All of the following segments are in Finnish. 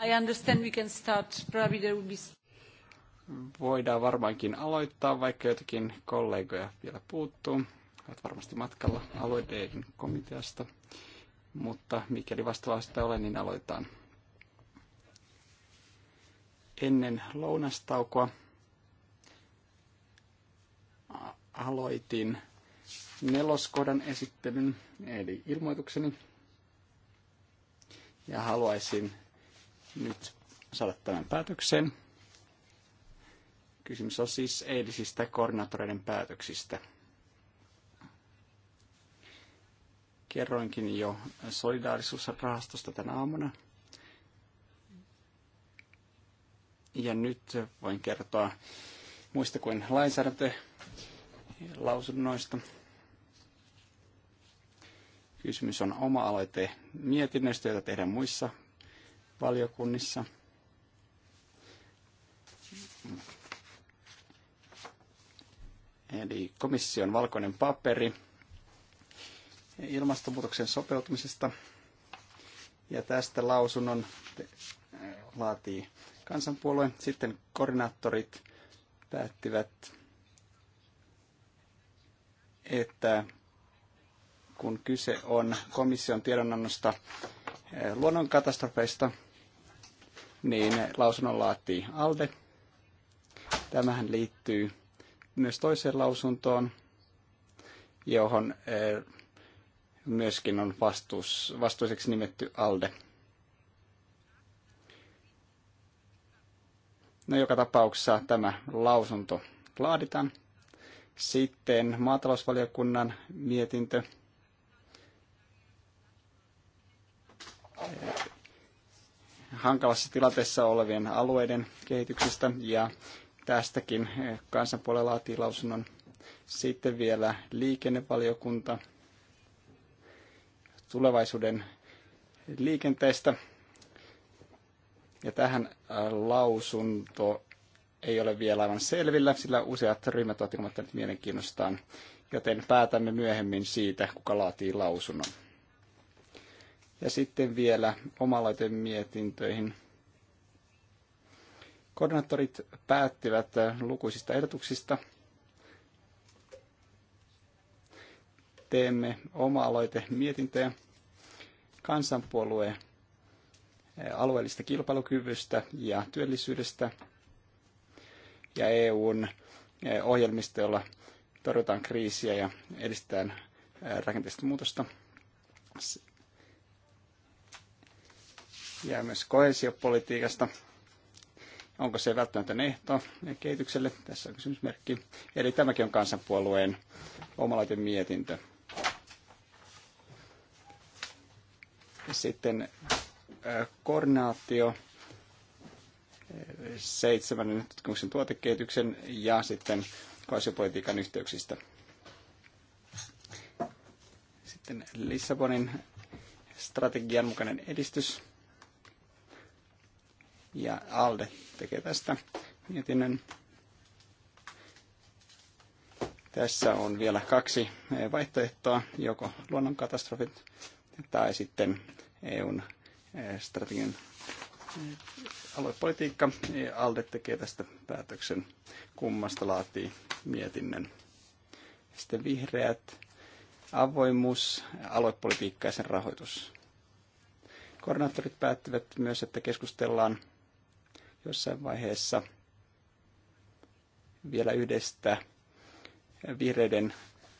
I understand we can start. Probably there will be... Voidaan varmaankin aloittaa, vaikka jotakin kollegoja vielä puuttuu. Olet varmasti matkalla alueiden komiteasta, mutta mikäli vastaavaa sitä ole, niin aloitetaan. Ennen lounastaukoa aloitin neloskodan esittelyn, eli ilmoitukseni. Ja haluaisin nyt saada tämän päätöksen. Kysymys on siis eilisistä koordinaattoreiden päätöksistä. Kerroinkin jo solidaarisuusrahastosta tänä aamuna. Ja nyt voin kertoa muista kuin lainsäädäntölausunnoista. Kysymys on oma-aloite mietinnöstä, jota tehdään muissa valiokunnissa. Eli komission valkoinen paperi ilmastonmuutoksen sopeutumisesta. Ja tästä lausunnon laatii kansanpuolue. Sitten koordinaattorit päättivät, että kun kyse on komission tiedonannosta eh, luonnonkatastrofeista, niin lausunnon laatii ALDE. Tämähän liittyy myös toiseen lausuntoon, johon eh, myöskin on vastuus, vastuiseksi nimetty ALDE. No joka tapauksessa tämä lausunto laaditaan. Sitten maatalousvaliokunnan mietintö hankalassa tilanteessa olevien alueiden kehityksestä ja tästäkin eh, kansanpuolen laatii lausunnon. Sitten vielä liikennevaliokunta tulevaisuuden liikenteestä. Ja tähän eh, lausunto ei ole vielä aivan selvillä, sillä useat ryhmät ovat ilmoittaneet mielenkiinnostaan, joten päätämme myöhemmin siitä, kuka laatii lausunnon ja sitten vielä mietintöihin. Koordinaattorit päättivät äh, lukuisista ehdotuksista. Teemme oma mietintöjä kansanpuolueen äh, alueellista kilpailukyvystä ja työllisyydestä ja EUn äh, ohjelmista, joilla torjutaan kriisiä ja edistetään rakenteellista muutosta ja myös koesiopolitiikasta. Onko se välttämätön ehto kehitykselle? Tässä on kysymysmerkki. Eli tämäkin on kansanpuolueen omalaiten mietintö. Sitten koordinaatio seitsemännen tutkimuksen tuotekehityksen ja sitten koesiopolitiikan yhteyksistä. Sitten Lissabonin strategian mukainen edistys ja ALDE tekee tästä mietinnön. Tässä on vielä kaksi vaihtoehtoa, joko luonnonkatastrofit tai sitten EUn eh, strategian eh, aluepolitiikka. ALDE tekee tästä päätöksen, kummasta laatii mietinnön. Sitten vihreät, avoimuus, aluepolitiikka ja sen rahoitus. Koordinaattorit päättivät myös, että keskustellaan jossain vaiheessa vielä yhdestä vihreiden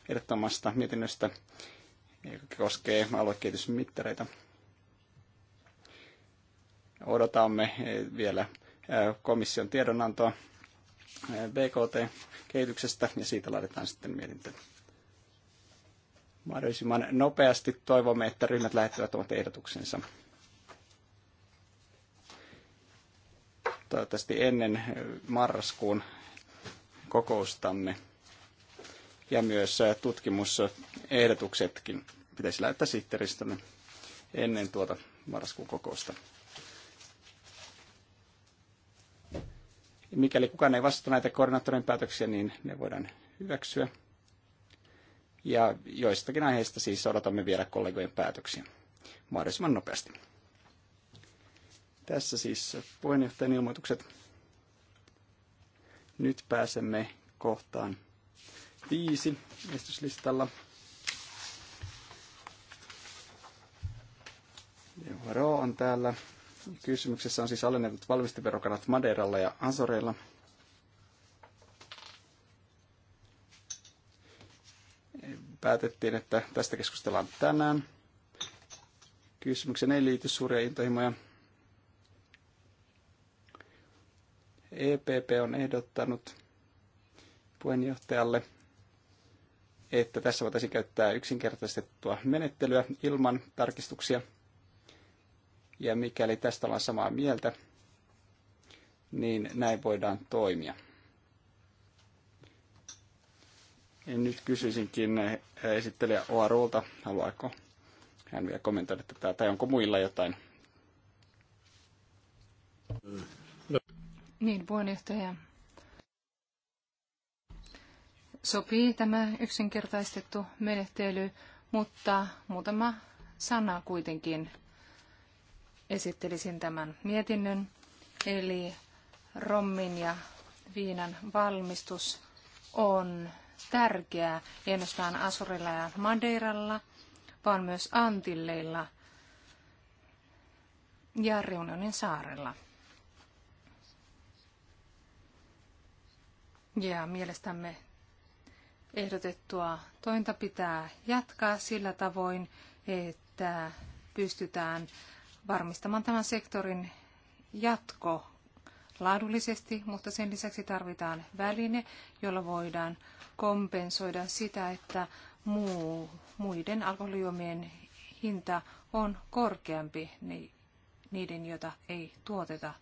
ehdottomasta mietinnöstä, joka koskee aluekehitysmittareita. Odotamme eh, vielä eh, komission tiedonantoa eh, BKT-kehityksestä ja siitä laitetaan sitten mietintö. Mahdollisimman nopeasti toivomme, että ryhmät lähettävät omat ehdotuksensa. toivottavasti ennen eh, marraskuun kokoustamme. Ja myös eh, tutkimusehdotuksetkin pitäisi lähettää sihteeristölle ennen tuota marraskuun kokousta. Mikäli kukaan ei vastata näitä koordinaattorin päätöksiä, niin ne voidaan hyväksyä. Ja joistakin aiheista siis odotamme vielä kollegojen päätöksiä mahdollisimman nopeasti. Tässä siis puheenjohtajan ilmoitukset. Nyt pääsemme kohtaan viisi esityslistalla. Varo on täällä. Kysymyksessä on siis alennetut valmisteverokannat Madeiralla ja Azoreilla. Päätettiin, että tästä keskustellaan tänään. Kysymykseen ei liity suuria intohimoja EPP on ehdottanut puheenjohtajalle, että tässä voitaisiin käyttää yksinkertaistettua menettelyä ilman tarkistuksia. Ja mikäli tästä ollaan samaa mieltä, niin näin voidaan toimia. En nyt kysyisinkin eh, esittelijä Oarulta, haluaako hän vielä kommentoida tätä, tai onko muilla jotain? Mm. Niin, puheenjohtaja. Sopii tämä yksinkertaistettu menettely, mutta muutama sana kuitenkin esittelisin tämän mietinnön. Eli rommin ja viinan valmistus on tärkeää ei ainoastaan Asurilla ja Madeiralla, vaan myös Antilleilla ja Reunionin saarella. Ja mielestämme ehdotettua tointa pitää jatkaa sillä tavoin, että pystytään varmistamaan tämän sektorin jatko laadullisesti, mutta sen lisäksi tarvitaan väline, jolla voidaan kompensoida sitä, että muu, muiden alkoholijuomien hinta on korkeampi niiden, joita ei tuoteta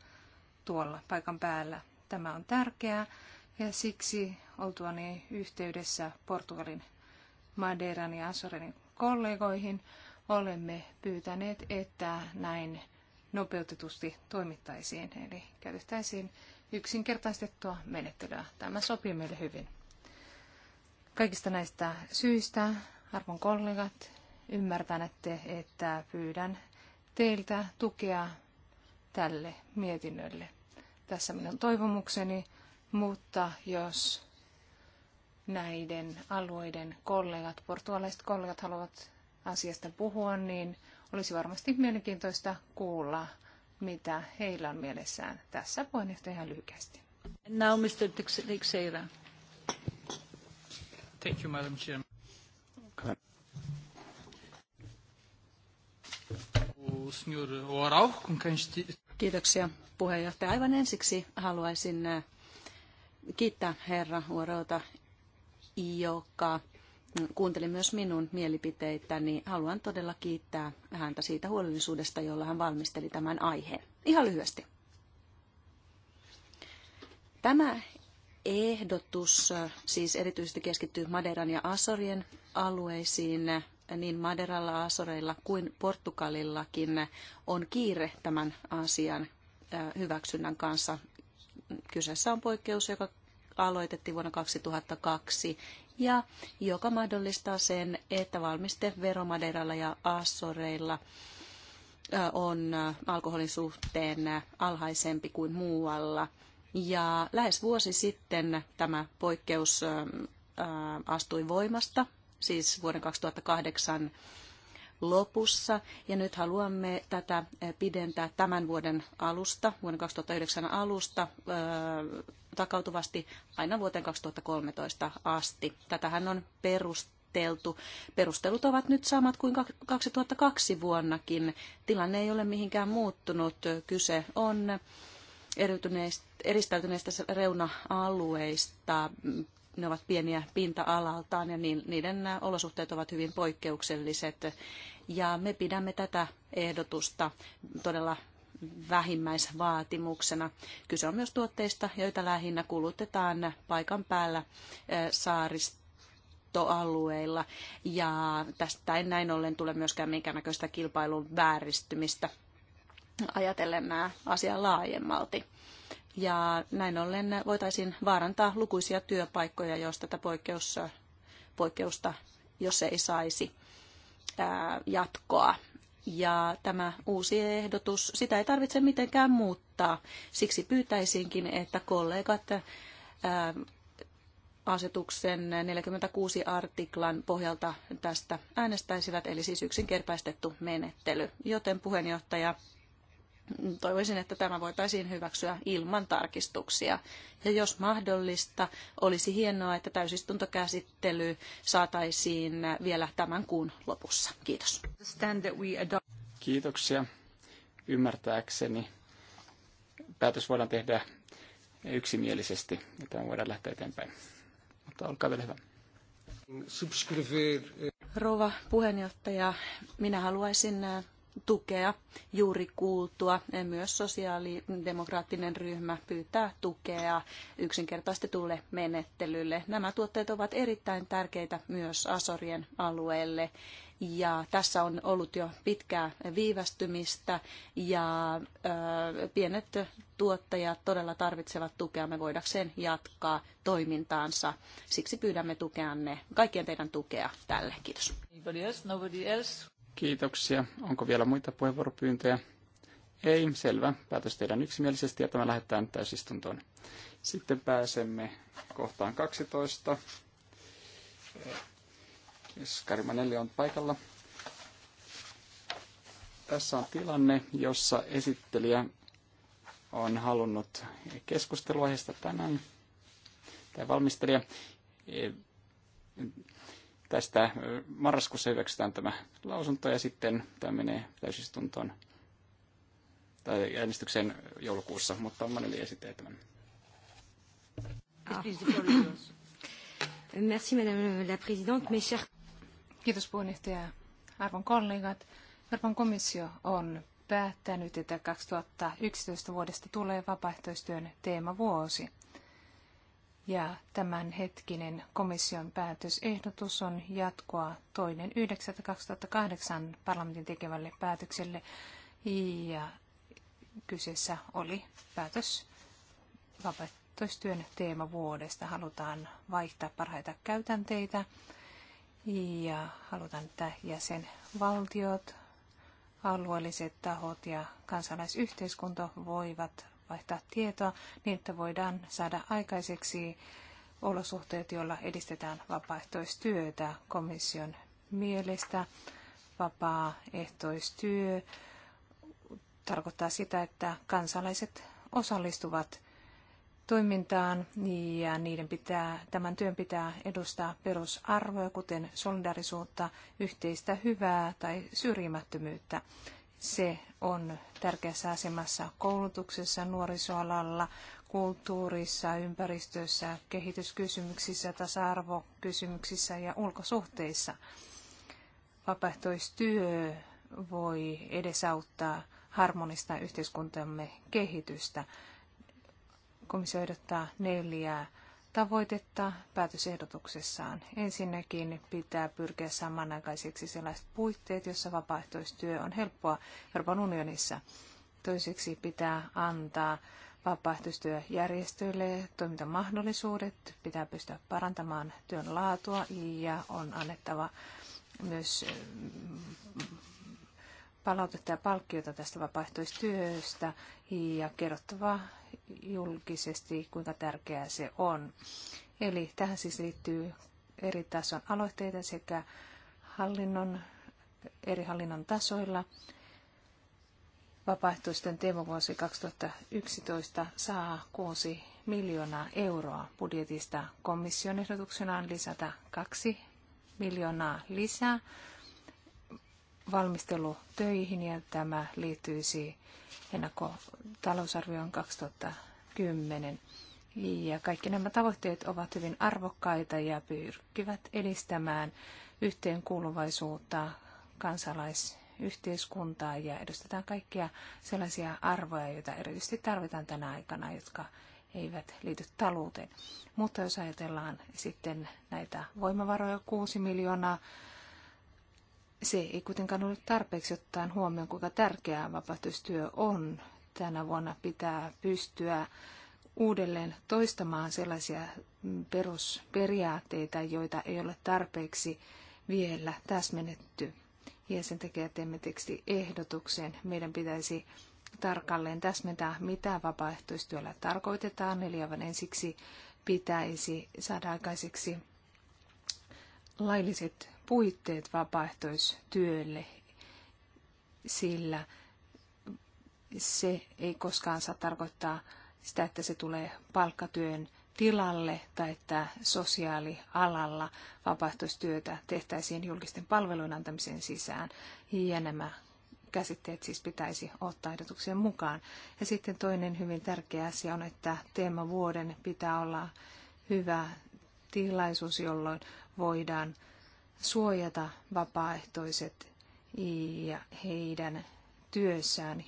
tuolla paikan päällä. Tämä on tärkeää ja siksi oltuani yhteydessä Portugalin, Madeiran ja Azorin kollegoihin olemme pyytäneet, että näin nopeutetusti toimittaisiin, eli käytettäisiin yksinkertaistettua menettelyä. Tämä sopii meille hyvin. Kaikista näistä syistä, arvon kollegat, ymmärtänette, että pyydän teiltä tukea tälle mietinnölle. Tässä minun toivomukseni. Mutta jos näiden alueiden kollegat, portugalaiset kollegat haluavat asiasta puhua, niin olisi varmasti mielenkiintoista kuulla, mitä heillä on mielessään. Tässä puheenjohtaja ihan lyhykästi. Now Mr. Teixeira. Thank you, Madam Chair. Kiitoksia puheenjohtaja. Aivan ensiksi haluaisin kiittää herra Uorota, joka kuunteli myös minun mielipiteitäni. Haluan todella kiittää häntä siitä huolellisuudesta, jolla hän valmisteli tämän aiheen. Ihan lyhyesti. Tämä ehdotus siis erityisesti keskittyy Maderan ja Asorien alueisiin. Niin Maderalla, Asoreilla kuin Portugalillakin on kiire tämän asian hyväksynnän kanssa. Kyseessä on poikkeus, joka aloitettiin vuonna 2002 ja joka mahdollistaa sen, että valmistevero Madeiralla ja Assoreilla on alkoholin suhteen alhaisempi kuin muualla. Ja lähes vuosi sitten tämä poikkeus astui voimasta, siis vuoden 2008 lopussa ja nyt haluamme tätä eh, pidentää tämän vuoden alusta, vuoden 2009 alusta eh, takautuvasti aina vuoteen 2013 asti. Tätähän on perusteltu. Perustelut ovat nyt samat kuin 2002 vuonnakin. Tilanne ei ole mihinkään muuttunut. Kyse on eristäytyneistä reuna-alueista, ne ovat pieniä pinta-alaltaan ja niin, niiden olosuhteet ovat hyvin poikkeukselliset. Ja me pidämme tätä ehdotusta todella vähimmäisvaatimuksena. Kyse on myös tuotteista, joita lähinnä kulutetaan paikan päällä eh, saaristoalueilla. Ja tästä ei näin ollen tule myöskään minkäännäköistä kilpailun vääristymistä ajatellen nämä asian laajemmalti ja näin ollen voitaisiin vaarantaa lukuisia työpaikkoja, jos tätä poikkeus, poikkeusta, jos ei saisi ää, jatkoa. Ja tämä uusi ehdotus, sitä ei tarvitse mitenkään muuttaa. Siksi pyytäisinkin, että kollegat ää, asetuksen 46 artiklan pohjalta tästä äänestäisivät, eli siis yksinkertaistettu menettely. Joten puheenjohtaja toivoisin, että tämä voitaisiin hyväksyä ilman tarkistuksia. Ja jos mahdollista, olisi hienoa, että täysistuntokäsittely saataisiin vielä tämän kuun lopussa. Kiitos. Kiitoksia. Ymmärtääkseni päätös voidaan tehdä yksimielisesti että tämä voidaan lähteä eteenpäin. Mutta olkaa vielä hyvä. Rouva puheenjohtaja, minä haluaisin tukea juuri kuultua. Myös sosiaalidemokraattinen ryhmä pyytää tukea yksinkertaistetulle menettelylle. Nämä tuotteet ovat erittäin tärkeitä myös Asorien alueelle. Ja tässä on ollut jo pitkää viivästymistä ja ö, pienet tuottajat todella tarvitsevat tukea me voidakseen jatkaa toimintaansa. Siksi pyydämme tukeanne, kaikkien teidän tukea tälle. Kiitos. else? Nobody else? Kiitoksia. Onko vielä muita puheenvuoropyyntöjä? Ei, selvä. Päätös tehdään yksimielisesti ja tämä lähetetään täysistuntoon. Sitten pääsemme kohtaan 12. Karima 4 on paikalla. Tässä on tilanne, jossa esittelijä on halunnut keskustelua aiheesta tänään, tai valmistelija Tästä marraskuussa hyväksytään tämä lausunto ja sitten tämä menee täysistuntoon tai äänestykseen joulukuussa, mutta on Maneli esittelee tämän. Ah. Merci madame la présidente, mes chers... Kiitos puheenjohtaja. Arvon kollegat, Euroopan komissio on päättänyt, että 2011 vuodesta tulee vapaaehtoistyön teemavuosi ja tämänhetkinen komission päätösehdotus on jatkoa toinen 9.2008 parlamentin tekevälle päätökselle ja kyseessä oli päätös vapaaehtoistyön teemavuodesta. Halutaan vaihtaa parhaita käytänteitä ja halutaan, että jäsenvaltiot, alueelliset tahot ja kansalaisyhteiskunta voivat vaihtaa tietoa niin, että voidaan saada aikaiseksi olosuhteet, joilla edistetään vapaaehtoistyötä komission mielestä. Vapaaehtoistyö tarkoittaa sitä, että kansalaiset osallistuvat toimintaan ja niiden pitää, tämän työn pitää edustaa perusarvoja, kuten solidarisuutta, yhteistä hyvää tai syrjimättömyyttä. Se on tärkeässä asemassa koulutuksessa, nuorisoalalla, kulttuurissa, ympäristössä, kehityskysymyksissä, tasa-arvokysymyksissä ja ulkosuhteissa. Vapaaehtoistyö voi edesauttaa harmonista yhteiskuntamme kehitystä. Komissio ehdottaa neljää tavoitetta päätösehdotuksessaan. Ensinnäkin pitää pyrkiä samanaikaiseksi sellaiset puitteet, joissa vapaaehtoistyö on helppoa Euroopan unionissa. Toiseksi pitää antaa vapaaehtoistyöjärjestöille toimintamahdollisuudet, pitää pystyä parantamaan työn laatua ja on annettava myös palautetta ja palkkiota tästä vapaaehtoistyöstä ja kerrottava julkisesti, kuinka tärkeää se on. Eli tähän siis liittyy eri tason aloitteita sekä hallinnon, eri hallinnon tasoilla. Vapaaehtoisten teemavuosi 2011 saa 6 miljoonaa euroa budjetista komission ehdotuksena on lisätä 2 miljoonaa lisää valmistelutöihin ja tämä liittyisi ennakkotalousarvioon 2010. Ja kaikki nämä tavoitteet ovat hyvin arvokkaita ja pyrkivät edistämään yhteenkuuluvaisuutta, kansalaisyhteiskuntaa ja edustetaan kaikkia sellaisia arvoja, joita erityisesti tarvitaan tänä aikana, jotka eivät liity talouteen. Mutta jos ajatellaan sitten näitä voimavaroja, 6 miljoonaa se ei kuitenkaan ole tarpeeksi ottaen huomioon, kuinka tärkeää vapaaehtoistyö on. Tänä vuonna pitää pystyä uudelleen toistamaan sellaisia perusperiaatteita, joita ei ole tarpeeksi vielä täsmennetty. Ja sen takia teemme ehdotuksen. Meidän pitäisi tarkalleen täsmentää, mitä vapaaehtoistyöllä tarkoitetaan. Eli aivan ensiksi pitäisi saada aikaiseksi lailliset puitteet vapaaehtoistyölle, sillä se ei koskaan saa tarkoittaa sitä, että se tulee palkkatyön tilalle tai että sosiaalialalla vapaaehtoistyötä tehtäisiin julkisten palvelujen antamisen sisään. Ja nämä käsitteet siis pitäisi ottaa ehdotuksen mukaan. Ja sitten toinen hyvin tärkeä asia on, että teemavuoden pitää olla hyvä tilaisuus, jolloin voidaan suojata vapaaehtoiset ja heidän työssään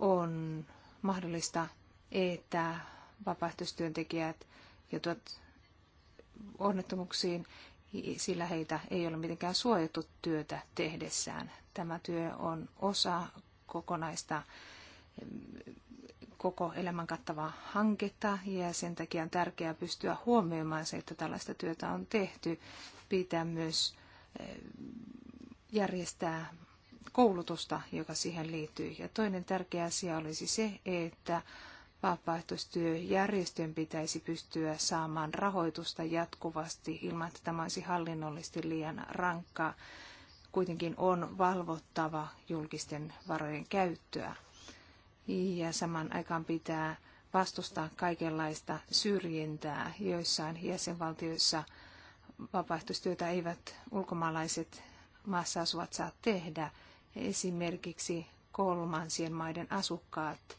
on mahdollista, että vapaaehtoistyöntekijät joutuvat onnettomuuksiin, sillä heitä ei ole mitenkään suojattu työtä tehdessään. Tämä työ on osa kokonaista koko elämän kattavaa hanketta ja sen takia on tärkeää pystyä huomioimaan se, että tällaista työtä on tehty. Pitää myös eh, järjestää koulutusta, joka siihen liittyy. Ja toinen tärkeä asia olisi se, että vapaaehtoistyöjärjestöjen pitäisi pystyä saamaan rahoitusta jatkuvasti ilman, että tämä olisi hallinnollisesti liian rankkaa. Kuitenkin on valvottava julkisten varojen käyttöä ja saman aikaan pitää vastustaa kaikenlaista syrjintää. Joissain jäsenvaltioissa vapaaehtoistyötä eivät ulkomaalaiset maassa asuvat saa tehdä. Esimerkiksi kolmansien maiden asukkaat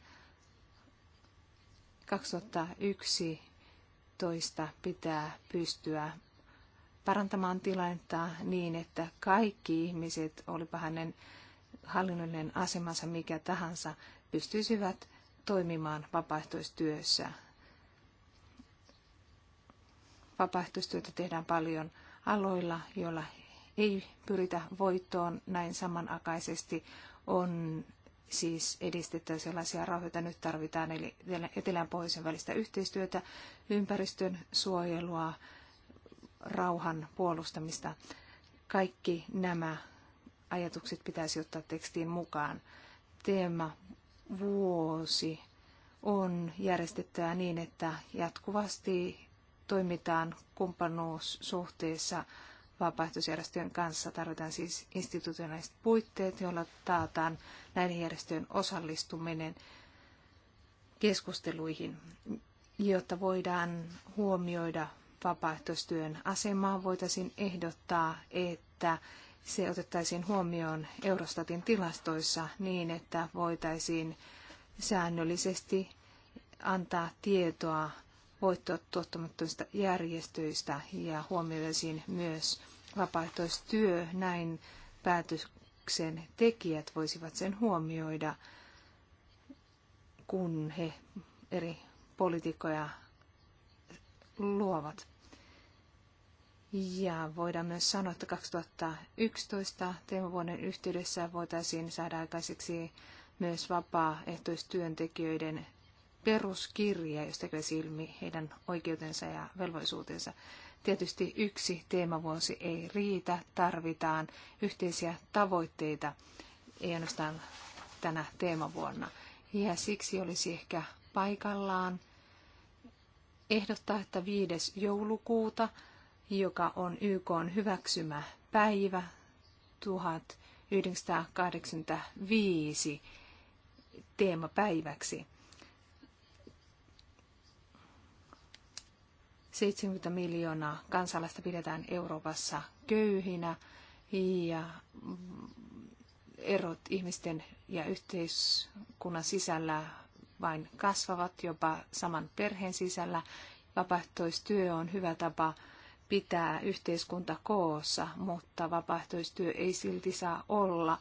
2011 pitää pystyä parantamaan tilannetta niin, että kaikki ihmiset, olipa hänen hallinnollinen asemansa mikä tahansa, pystyisivät toimimaan vapaaehtoistyössä. Vapaaehtoistyötä tehdään paljon aloilla, joilla ei pyritä voittoon näin samanaikaisesti. On siis edistettävä sellaisia rahoja, joita nyt tarvitaan, eli etelän pohjoisen välistä yhteistyötä, ympäristön suojelua, rauhan puolustamista. Kaikki nämä ajatukset pitäisi ottaa tekstiin mukaan. Teema vuosi on järjestettävä niin, että jatkuvasti toimitaan kumppanuussuhteessa vapaaehtoisjärjestöjen kanssa. Tarvitaan siis institutionaaliset puitteet, joilla taataan näiden järjestöjen osallistuminen keskusteluihin, jotta voidaan huomioida vapaaehtoistyön asemaa, voitaisiin ehdottaa, että se otettaisiin huomioon Eurostatin tilastoissa niin, että voitaisiin säännöllisesti antaa tietoa voittotuottamattomista järjestöistä ja huomioitaisiin myös vapaaehtoistyö. Näin päätöksen tekijät voisivat sen huomioida, kun he eri poliitikkoja luovat. Ja voidaan myös sanoa, että 2011 teemavuoden yhteydessä voitaisiin saada aikaiseksi myös vapaaehtoistyöntekijöiden peruskirja, josta käy silmi heidän oikeutensa ja velvollisuutensa. Tietysti yksi teemavuosi ei riitä, tarvitaan yhteisiä tavoitteita, ei ainoastaan tänä teemavuonna. Ja siksi olisi ehkä paikallaan ehdottaa, että 5. joulukuuta – joka on YK on hyväksymä päivä 1985 teemapäiväksi. 70 miljoonaa kansalaista pidetään Euroopassa köyhinä ja erot ihmisten ja yhteiskunnan sisällä vain kasvavat jopa saman perheen sisällä. Vapaaehtoistyö on hyvä tapa pitää yhteiskunta koossa, mutta vapaaehtoistyö ei silti saa olla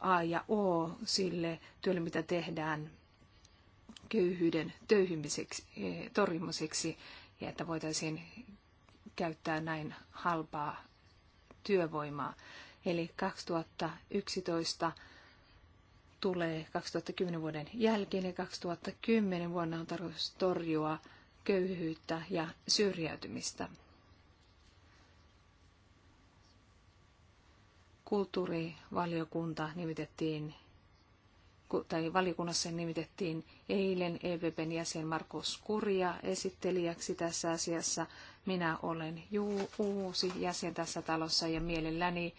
A ja O sille työlle, mitä tehdään köyhyyden töyhymiseksi, e, torjumiseksi ja että voitaisiin käyttää näin halpaa työvoimaa. Eli 2011 tulee 2010 vuoden jälkeen ja 2010 vuonna on tarkoitus torjua köyhyyttä ja syrjäytymistä. Kulttuurivaliokunta nimitettiin tai valiokunnassa nimitettiin eilen EVPn jäsen Markus Kurja esittelijäksi tässä asiassa. Minä olen juu, uusi jäsen tässä talossa ja mielelläni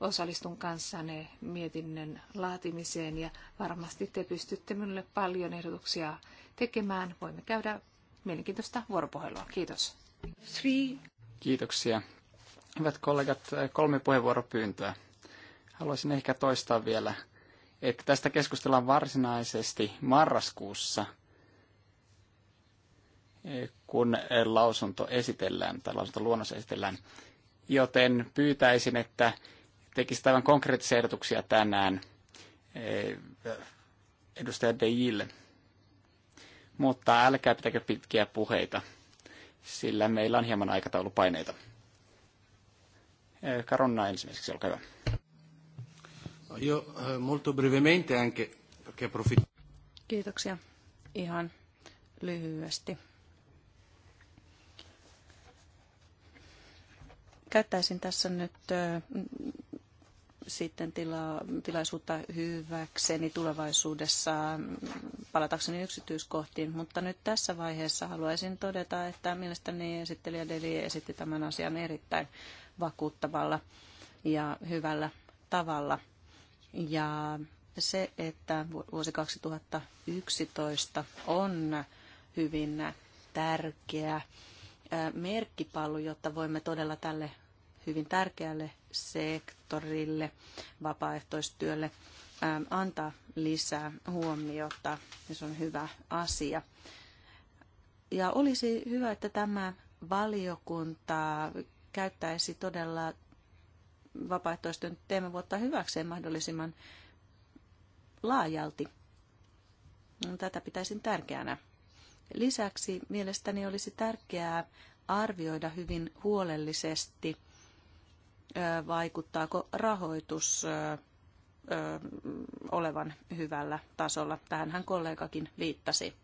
osallistun kanssanne mietinnön laatimiseen ja varmasti te pystytte minulle paljon ehdotuksia tekemään. Voimme käydä mielenkiintoista vuoropuhelua. Kiitos. Three. Kiitoksia. Hyvät kollegat, kolme puheenvuoropyyntöä. Haluaisin ehkä toistaa vielä, että tästä keskustellaan varsinaisesti marraskuussa, kun lausunto esitellään tai luonnos esitellään. Joten pyytäisin, että tekisit aivan konkreettisia ehdotuksia tänään eh, edustaja Dejille mutta älkää pitäkö pitkiä puheita, sillä meillä on hieman aikataulupaineita. Karonna eh, ensimmäiseksi, olkaa hyvä. Io eh, molto brevemente anche perché approfitto. Kiitoksia. Ihan lyhyesti. Käyttäisin tässä nyt eh, sitten tila, tilaisuutta hyväkseni tulevaisuudessa mm, palatakseni yksityiskohtiin, mutta nyt tässä vaiheessa haluaisin todeta, että mielestäni esittelijä Deli esitti tämän asian erittäin vakuuttavalla ja hyvällä tavalla. Ja se, että vuosi 2011 on hyvin tärkeä merkkipallu, jotta voimme todella tälle hyvin tärkeälle sektorille, vapaaehtoistyölle ähm, antaa lisää huomiota ja se on hyvä asia. Ja olisi hyvä, että tämä valiokunta käyttäisi todella vapaaehtoistyön teemavuotta hyväkseen mahdollisimman laajalti. Tätä pitäisin tärkeänä. Lisäksi mielestäni olisi tärkeää arvioida hyvin huolellisesti vaikuttaako rahoitus olevan hyvällä tasolla. Tähänhän kollegakin viittasi.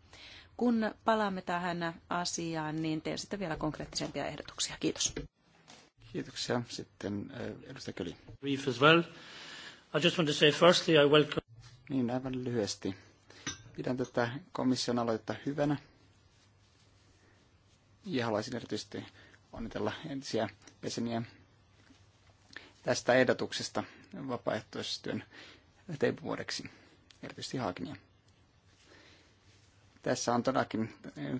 Kun palaamme tähän asiaan, niin teen sitten vielä konkreettisempia ehdotuksia. Kiitos. Kiitoksia. Sitten edustaja Köli. Brief as well. I just want to say firstly I welcome... Niin, aivan lyhyesti. Pidän tätä komission aloitetta hyvänä. Ja haluaisin erityisesti onnitella entisiä jäseniä tästä ehdotuksesta vapaaehtoistyön teipuvuodeksi, erityisesti Haakinia. Tässä on todellakin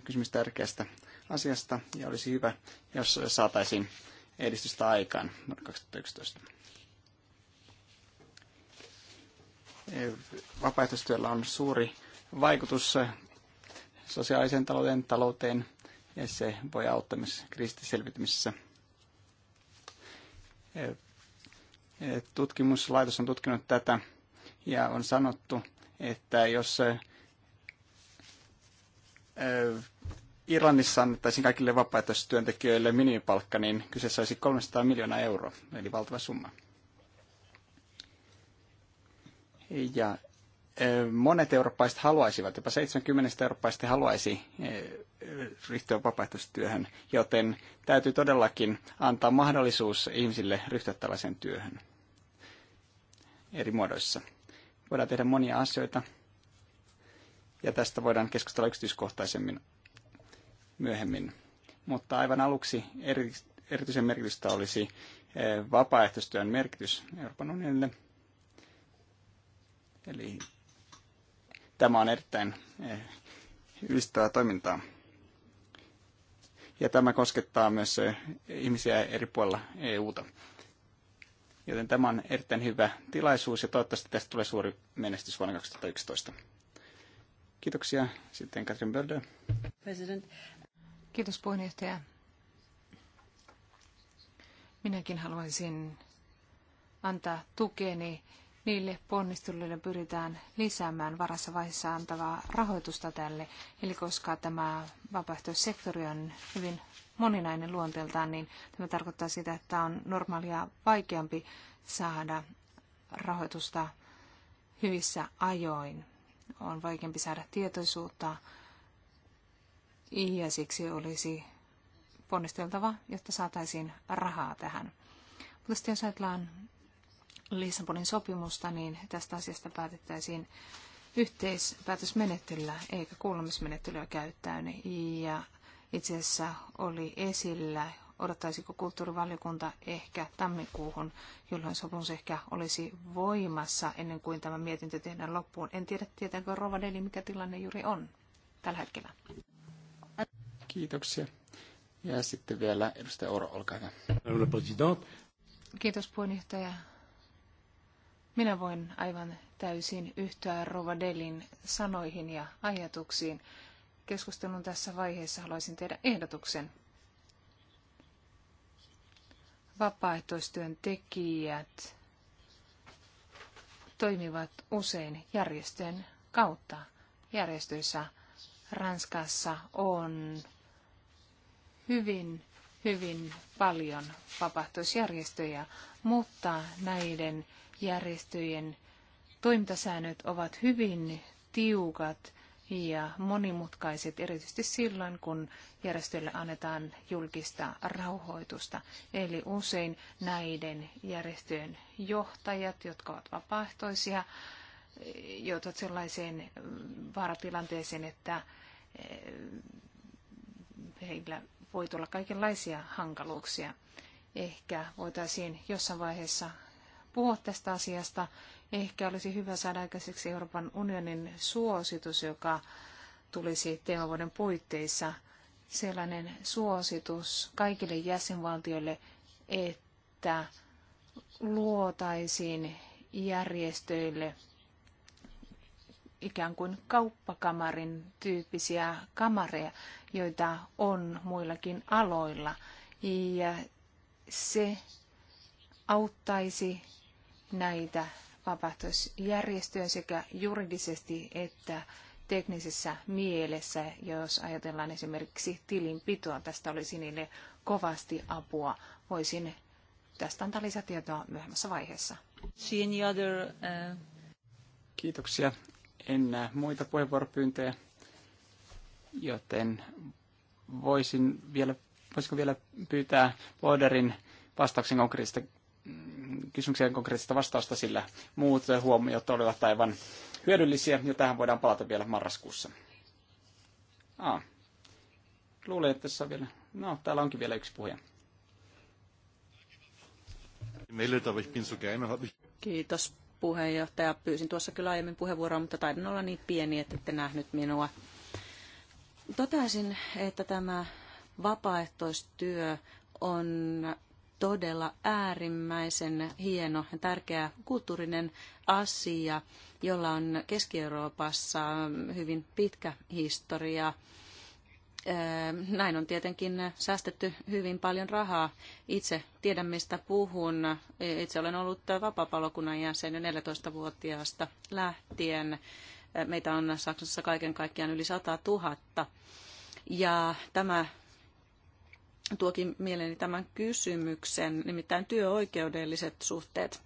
kysymys tärkeästä asiasta ja olisi hyvä, jos saataisiin edistystä aikaan vuonna 2011. Vapaaehtoistyöllä on suuri vaikutus sosiaalisen talouteen, talouteen ja se voi auttaa myös selvitymisessä tutkimuslaitos on tutkinut tätä ja on sanottu, että jos Irlannissa annettaisiin kaikille vapaaehtoistyöntekijöille minimipalkka, niin kyseessä olisi 300 miljoonaa euroa, eli valtava summa. Ja monet eurooppaiset haluaisivat, jopa 70 eurooppaista haluaisi ryhtyä vapaaehtoistyöhön, joten täytyy todellakin antaa mahdollisuus ihmisille ryhtyä tällaiseen työhön eri muodoissa. Voidaan tehdä monia asioita ja tästä voidaan keskustella yksityiskohtaisemmin myöhemmin. Mutta aivan aluksi eri, erityisen merkitystä olisi eh, vapaaehtoistyön merkitys Euroopan unionille. Eli tämä on erittäin eh, ylistävää toimintaa. Ja tämä koskettaa myös eh, ihmisiä eri puolilla EUta. Joten tämä on erittäin hyvä tilaisuus ja toivottavasti tästä tulee suuri menestys vuonna 2011. Kiitoksia. Sitten Katrin Bölder. President. Kiitos puheenjohtaja. Minäkin haluaisin antaa tukeni niille ponnisteluille pyritään lisäämään varassa vaiheessa antavaa rahoitusta tälle. Eli koska tämä vapaaehtoissektori on hyvin moninainen luonteeltaan, niin tämä tarkoittaa sitä, että on normaalia vaikeampi saada rahoitusta hyvissä ajoin. On vaikeampi saada tietoisuutta ja siksi olisi ponnisteltava, jotta saataisiin rahaa tähän. Mutta sitten jos ajatellaan Lissabonin sopimusta, niin tästä asiasta päätettäisiin yhteispäätösmenettelyllä eikä kuulemismenettelyä käyttäen. Ja itse asiassa oli esillä. Odottaisiko kulttuurivaliokunta ehkä tammikuuhun, jolloin sopimus ehkä olisi voimassa ennen kuin tämä mietintö tehdään loppuun. En tiedä tietääkö Rovadeli, mikä tilanne juuri on tällä hetkellä. Kiitoksia. Ja sitten vielä edustaja Oro, olkaa hyvä. Kiitos puheenjohtaja. Minä voin aivan täysin yhtyä Rovadelin sanoihin ja ajatuksiin keskustelun tässä vaiheessa haluaisin tehdä ehdotuksen. Vapaaehtoistyön tekijät toimivat usein järjestöjen kautta. Järjestöissä Ranskassa on hyvin, hyvin paljon vapaaehtoisjärjestöjä, mutta näiden järjestöjen toimintasäännöt ovat hyvin tiukat ja monimutkaiset, erityisesti silloin, kun järjestöille annetaan julkista rauhoitusta. Eli usein näiden järjestöjen johtajat, jotka ovat vapaaehtoisia, joutuvat sellaiseen vaaratilanteeseen, että eh, heillä voi tulla kaikenlaisia hankaluuksia. Ehkä voitaisiin jossain vaiheessa puhua tästä asiasta Ehkä olisi hyvä saada aikaiseksi Euroopan unionin suositus, joka tulisi teovuoden puitteissa sellainen suositus kaikille jäsenvaltioille, että luotaisiin järjestöille ikään kuin kauppakamarin tyyppisiä kamareja, joita on muillakin aloilla. Ja se auttaisi näitä vapaaehtoisjärjestöjä sekä juridisesti että teknisessä mielessä, jos ajatellaan esimerkiksi tilinpitoa, tästä olisi niille kovasti apua. Voisin tästä antaa lisätietoa myöhemmässä vaiheessa. Uh, Kiitoksia. En näe muita puheenvuoropyyntöjä, joten voisin vielä, voisiko vielä pyytää Boderin vastauksen konkreettisista kysymykseen konkreettista vastausta, sillä muut huomiot olivat aivan hyödyllisiä, ja tähän voidaan palata vielä marraskuussa. Aa, luulen, että tässä on vielä... No, täällä onkin vielä yksi puhuja. Kiitos puheenjohtaja. Pyysin tuossa kyllä aiemmin puheenvuoroa, mutta taidan olla niin pieni, että ette nähnyt minua. Totesin, että tämä vapaaehtoistyö on todella äärimmäisen hieno ja tärkeä kulttuurinen asia, jolla on Keski-Euroopassa hyvin pitkä historia. Öö, näin on tietenkin säästetty hyvin paljon rahaa. Itse tiedän, mistä puhun. Itse olen ollut vapapalokunnan jäsen 14-vuotiaasta lähtien. Meitä on Saksassa kaiken kaikkiaan yli 100 000. Ja tämä tuokin mieleeni tämän kysymyksen, nimittäin työoikeudelliset suhteet.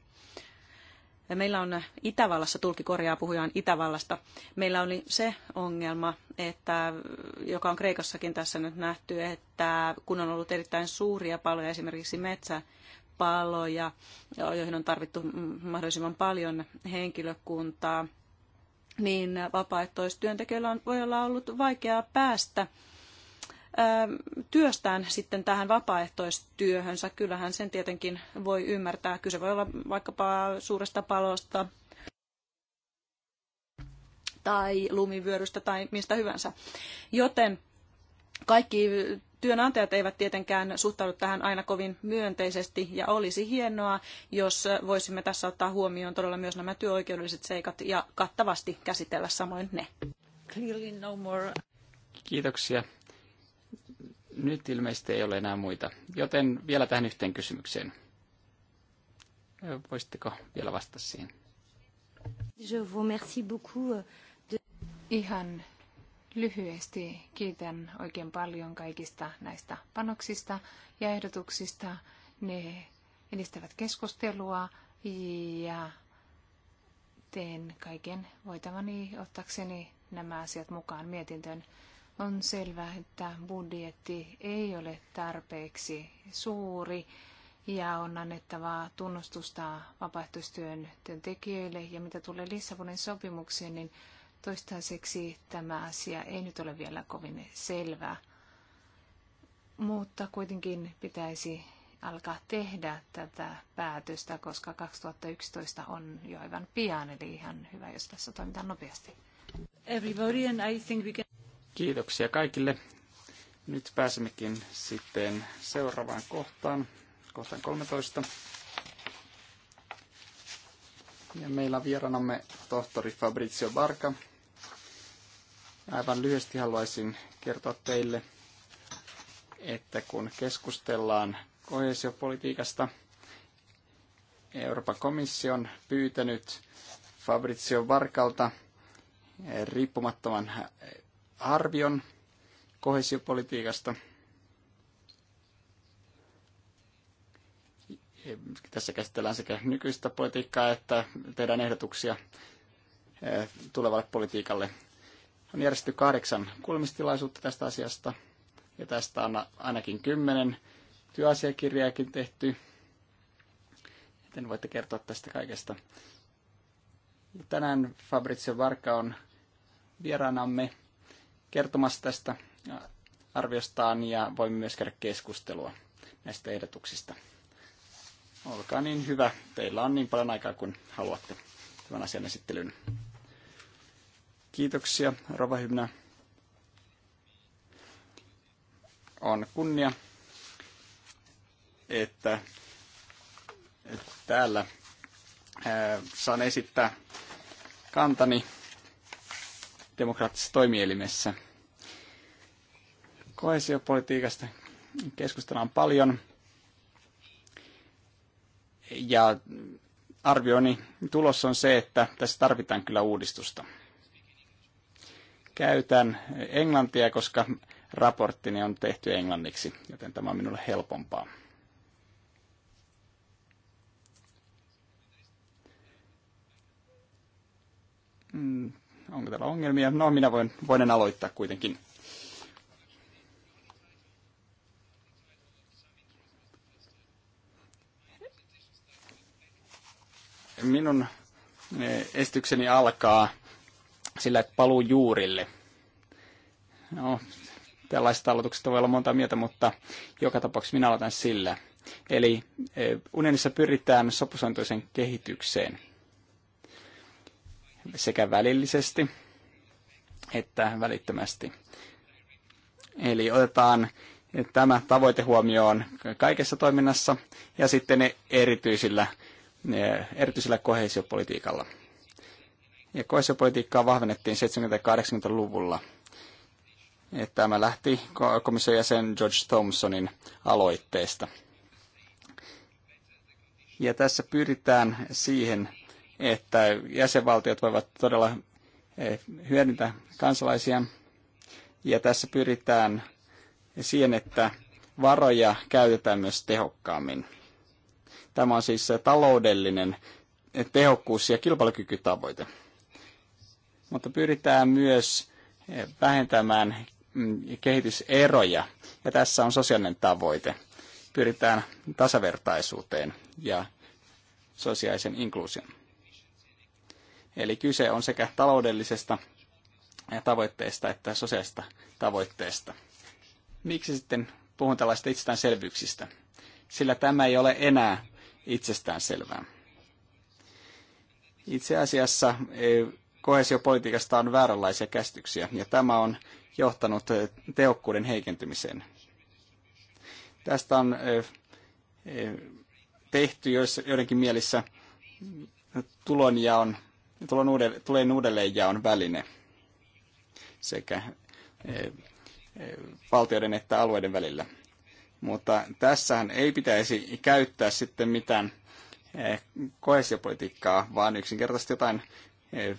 Meillä on Itävallassa, tulki korjaa puhujaan Itävallasta, meillä oli se ongelma, että, joka on Kreikassakin tässä nyt nähty, että kun on ollut erittäin suuria paloja, esimerkiksi metsäpaloja, paloja, joihin on tarvittu mahdollisimman paljon henkilökuntaa, niin vapaaehtoistyöntekijöillä voi olla ollut vaikeaa päästä Ähm, työstään sitten tähän vapaaehtoistyöhönsä. Kyllähän sen tietenkin voi ymmärtää. Kyse voi olla vaikkapa suuresta palosta tai lumivyörystä tai mistä hyvänsä. Joten kaikki työnantajat eivät tietenkään suhtaudu tähän aina kovin myönteisesti ja olisi hienoa, jos voisimme tässä ottaa huomioon todella myös nämä työoikeudelliset seikat ja kattavasti käsitellä samoin ne. No Kiitoksia. Nyt ilmeisesti ei ole enää muita. Joten vielä tähän yhteen kysymykseen. Voisitteko vielä vastata siihen? Je vous merci beaucoup de... Ihan lyhyesti kiitän oikein paljon kaikista näistä panoksista ja ehdotuksista. Ne edistävät keskustelua ja teen kaiken voitavani ottakseni nämä asiat mukaan mietintöön. On selvää, että budjetti ei ole tarpeeksi suuri ja on annettavaa tunnustusta vapaaehtoistyön työntekijöille. Ja mitä tulee Lissabonin sopimukseen, niin toistaiseksi tämä asia ei nyt ole vielä kovin selvää. Mutta kuitenkin pitäisi alkaa tehdä tätä päätöstä, koska 2011 on jo aivan pian, eli ihan hyvä, jos tässä toimitaan nopeasti. Everybody and I think we can... Kiitoksia kaikille. Nyt pääsemmekin sitten seuraavaan kohtaan, kohtaan 13. Ja meillä on vieraanamme tohtori Fabrizio Barca. Aivan lyhyesti haluaisin kertoa teille, että kun keskustellaan kohesiopolitiikasta, Euroopan komissio on pyytänyt Fabrizio Barkalta riippumattoman arvion kohesiopolitiikasta. Tässä käsitellään sekä nykyistä politiikkaa että tehdään ehdotuksia eh, tulevalle politiikalle. On järjestetty kahdeksan kuulemistilaisuutta tästä asiasta ja tästä on ainakin kymmenen työasiakirjaakin tehty. Joten voitte kertoa tästä kaikesta. Tänään Fabrizio Varka on vieraanamme kertomassa tästä äh, arviostaan ja voimme myös käydä keskustelua näistä ehdotuksista. Olkaa niin hyvä. Teillä on niin paljon aikaa kuin haluatte tämän asian esittelyyn. Kiitoksia, Rova Hymnä. On kunnia, että, että täällä ää, äh, saan esittää kantani demokraattisessa toimielimessä – Koesiopolitiikasta keskustellaan paljon. Ja arvioni tulos on se, että tässä tarvitaan kyllä uudistusta. Käytän englantia, koska raporttini on tehty englanniksi, joten tämä on minulle helpompaa. Mm, onko täällä ongelmia? No, minä voin, voin aloittaa kuitenkin. minun eh, estykseni alkaa sillä, että paluu juurille. No, tällaisista aloituksista voi olla monta mieltä, mutta joka tapauksessa minä aloitan sillä. Eli eh, unenissa pyritään sopusointuisen kehitykseen sekä välillisesti että välittömästi. Eli otetaan tämä tavoite huomioon kaikessa toiminnassa ja sitten erityisillä Eh, erityisellä kohesiopolitiikalla. Ja kohesiopolitiikkaa vahvennettiin 70-80-luvulla. Tämä lähti komission jäsen George Thompsonin aloitteesta. Ja tässä pyritään siihen, että jäsenvaltiot voivat todella eh, hyödyntää kansalaisia. Ja tässä pyritään siihen, että varoja käytetään myös tehokkaammin. Tämä on siis se taloudellinen tehokkuus- ja kilpailukykytavoite. Mutta pyritään myös eh, vähentämään mm, kehityseroja, ja tässä on sosiaalinen tavoite. Pyritään tasavertaisuuteen ja sosiaalisen inkluusion. Eli kyse on sekä taloudellisesta eh, tavoitteesta että sosiaalisesta tavoitteesta. Miksi sitten puhun tällaista itsestäänselvyyksistä? Sillä tämä ei ole enää itsestään selvää. Itse asiassa e, koesiopolitiikasta on vääränlaisia käsityksiä, ja tämä on johtanut e, tehokkuuden heikentymiseen. Tästä on e, tehty joidenkin mielissä tulonjaon, tulon uudelleen, tulen uudelleenjaon väline sekä valtioiden että alueiden välillä. Mutta tässähän ei pitäisi käyttää sitten mitään eh, kohesiopolitiikkaa, vaan yksinkertaisesti jotain eh,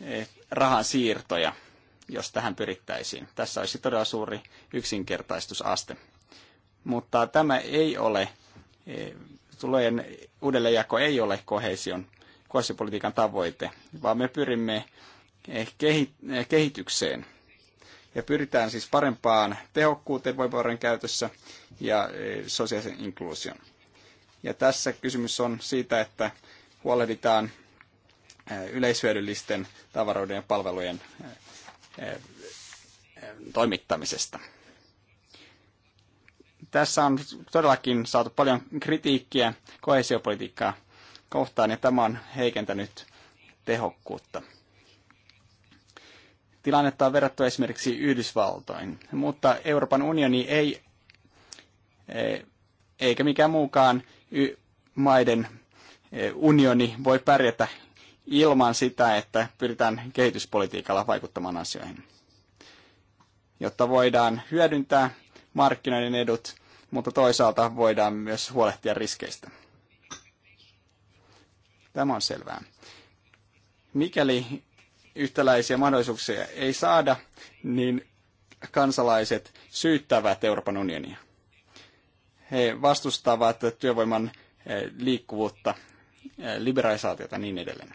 eh, rahan siirtoja, jos tähän pyrittäisiin. Tässä olisi todella suuri yksinkertaistusaste. Mutta tämä ei ole, tulojen uudelleenjako ei ole kohesion, kohesiopolitiikan tavoite, vaan me pyrimme kehitykseen – ja pyritään siis parempaan tehokkuuteen voimavarojen käytössä ja e, sosiaalisen inkluusion. Ja tässä kysymys on siitä, että huolehditaan e, yleishyödyllisten tavaroiden ja palvelujen e, toimittamisesta. Tässä on todellakin saatu paljon kritiikkiä kohesiopolitiikkaa kohtaan ja tämä on heikentänyt tehokkuutta tilannetta on verrattu esimerkiksi Yhdysvaltoihin. Mutta Euroopan unioni ei, eh, eikä mikään muukaan maiden eh, unioni voi pärjätä ilman sitä, että pyritään kehityspolitiikalla vaikuttamaan asioihin. Jotta voidaan hyödyntää markkinoiden edut, mutta toisaalta voidaan myös huolehtia riskeistä. Tämä on selvää. Mikäli yhtäläisiä mahdollisuuksia ei saada, niin kansalaiset syyttävät Euroopan unionia. He vastustavat työvoiman eh, liikkuvuutta, eh, liberalisaatiota ja niin edelleen.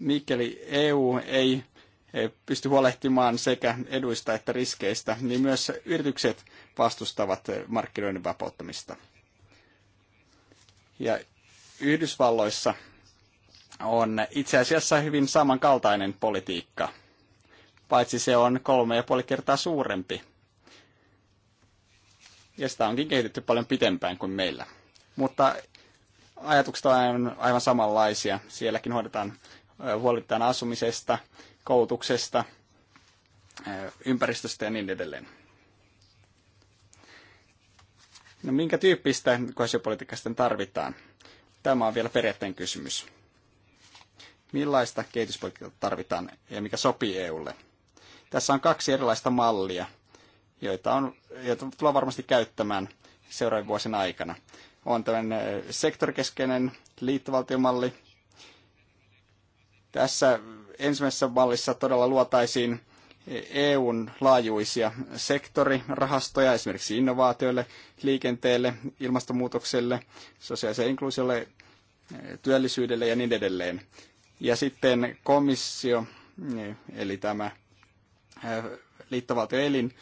Mikäli EU ei eh, pysty huolehtimaan sekä eduista että riskeistä, niin myös yritykset vastustavat markkinoiden vapauttamista. Ja Yhdysvalloissa – on itse asiassa hyvin samankaltainen politiikka, paitsi se on kolme ja puoli kertaa suurempi. Ja sitä onkin kehitetty paljon pitempään kuin meillä. Mutta ajatukset on aivan, aivan samanlaisia. Sielläkin hoidetaan, huolitaan asumisesta, koulutuksesta, ympäristöstä ja niin edelleen. No minkä tyyppistä kohesiopolitiikkaa sitten tarvitaan? Tämä on vielä periaatteen kysymys millaista kehityspolitiikkaa tarvitaan ja mikä sopii EUlle. Tässä on kaksi erilaista mallia, joita, on, joita tullaan varmasti käyttämään seuraavien vuosien aikana. On tämmöinen sektorikeskeinen liittovaltiomalli. Tässä ensimmäisessä mallissa todella luotaisiin EUn laajuisia sektorirahastoja esimerkiksi innovaatioille, liikenteelle, ilmastonmuutokselle, sosiaaliselle inkluusiolle, työllisyydelle ja niin edelleen. Ja sitten komissio, niin, eli tämä liittovaltioelin,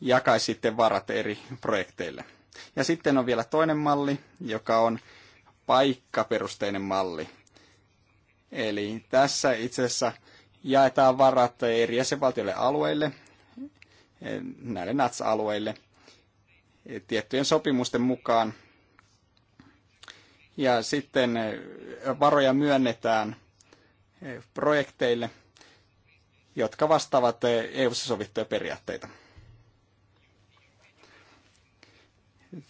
jakaisi sitten varat eri projekteille. Ja sitten on vielä toinen malli, joka on paikkaperusteinen malli. Eli tässä itse asiassa jaetaan varat eri jäsenvaltioille alueille, e, näille NATS-alueille, e, tiettyjen sopimusten mukaan. Ja sitten e, varoja myönnetään projekteille, jotka vastaavat EU-ssa sovittuja periaatteita.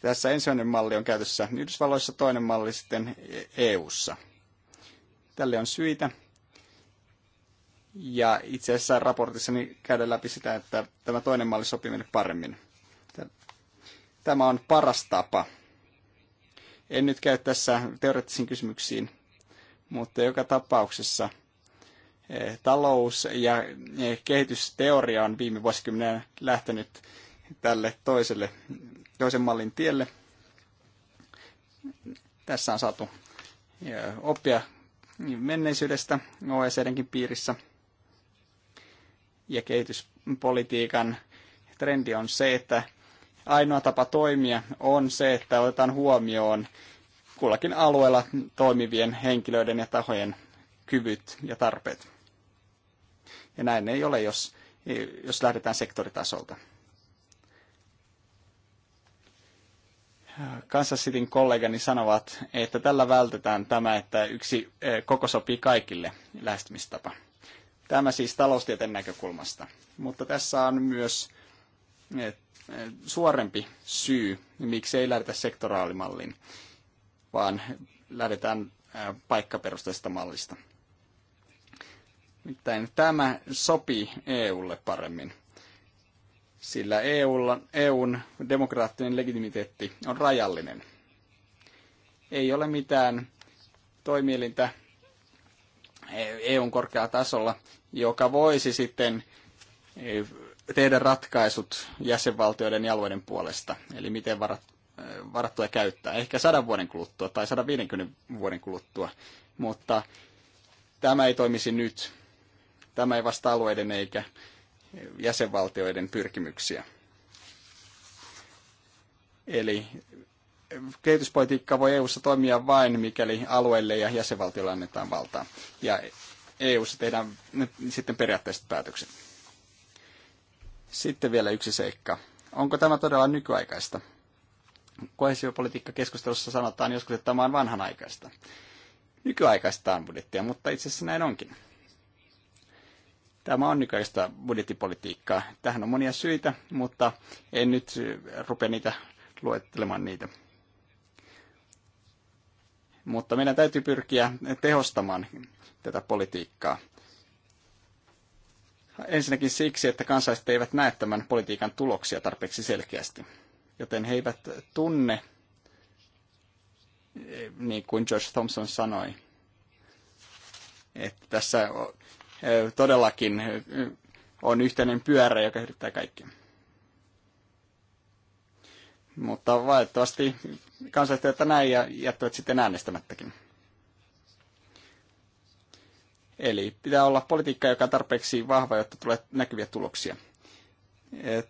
Tässä ensimmäinen malli on käytössä Yhdysvalloissa, toinen malli sitten EU-ssa. Tälle on syitä. Ja itse asiassa raportissani käydään läpi sitä, että tämä toinen malli sopii meille paremmin. Tämä on paras tapa. En nyt käy tässä teoreettisiin kysymyksiin mutta joka tapauksessa eh, talous- ja eh, kehitysteoria on viime vuosikymmenen lähtenyt tälle toiselle, toisen mallin tielle. Tässä on saatu eh, oppia menneisyydestä OECDnkin piirissä. Ja kehityspolitiikan trendi on se, että ainoa tapa toimia on se, että otetaan huomioon kullakin alueella toimivien henkilöiden ja tahojen kyvyt ja tarpeet. Ja näin ei ole, jos, jos lähdetään sektoritasolta. Kansas Cityn kollegani sanovat, että tällä vältetään tämä, että yksi e, koko sopii kaikille lähestymistapa. Tämä siis taloustieteen näkökulmasta. Mutta tässä on myös e, e, suorempi syy, miksi ei lähdetä sektoraalimalliin vaan lähdetään paikkaperusteista mallista. Nimittäin tämä sopii EUlle paremmin, sillä EUlla, EUn demokraattinen legitimiteetti on rajallinen. Ei ole mitään toimielintä EUn korkealla tasolla, joka voisi sitten tehdä ratkaisut jäsenvaltioiden ja alueiden puolesta, eli miten varat varattuja käyttää, ehkä sadan vuoden kuluttua tai 150 vuoden kuluttua, mutta tämä ei toimisi nyt. Tämä ei vastaa alueiden eikä jäsenvaltioiden pyrkimyksiä. Eli kehityspolitiikka voi EU:ssa toimia vain, mikäli alueille ja jäsenvaltioille annetaan valtaa. Ja EU:ssa tehdään nyt sitten periaatteiset päätökset. Sitten vielä yksi seikka. Onko tämä todella nykyaikaista? kohesiopolitiikkakeskustelussa sanotaan joskus, että tämä on vanhanaikaista. on budjettia, mutta itse asiassa näin onkin. Tämä on nykyaikaista budjettipolitiikkaa. Tähän on monia syitä, mutta en nyt rupea niitä luettelemaan niitä. Mutta meidän täytyy pyrkiä tehostamaan tätä politiikkaa. Ensinnäkin siksi, että kansalaiset eivät näe tämän politiikan tuloksia tarpeeksi selkeästi joten he eivät tunne, niin kuin George Thompson sanoi, että tässä todellakin on yhteinen pyörä, joka yrittää kaikki. Mutta valitettavasti kansanjohtajat näin ja jättävät sitten äänestämättäkin. Eli pitää olla politiikka, joka on tarpeeksi vahva, jotta tulee näkyviä tuloksia.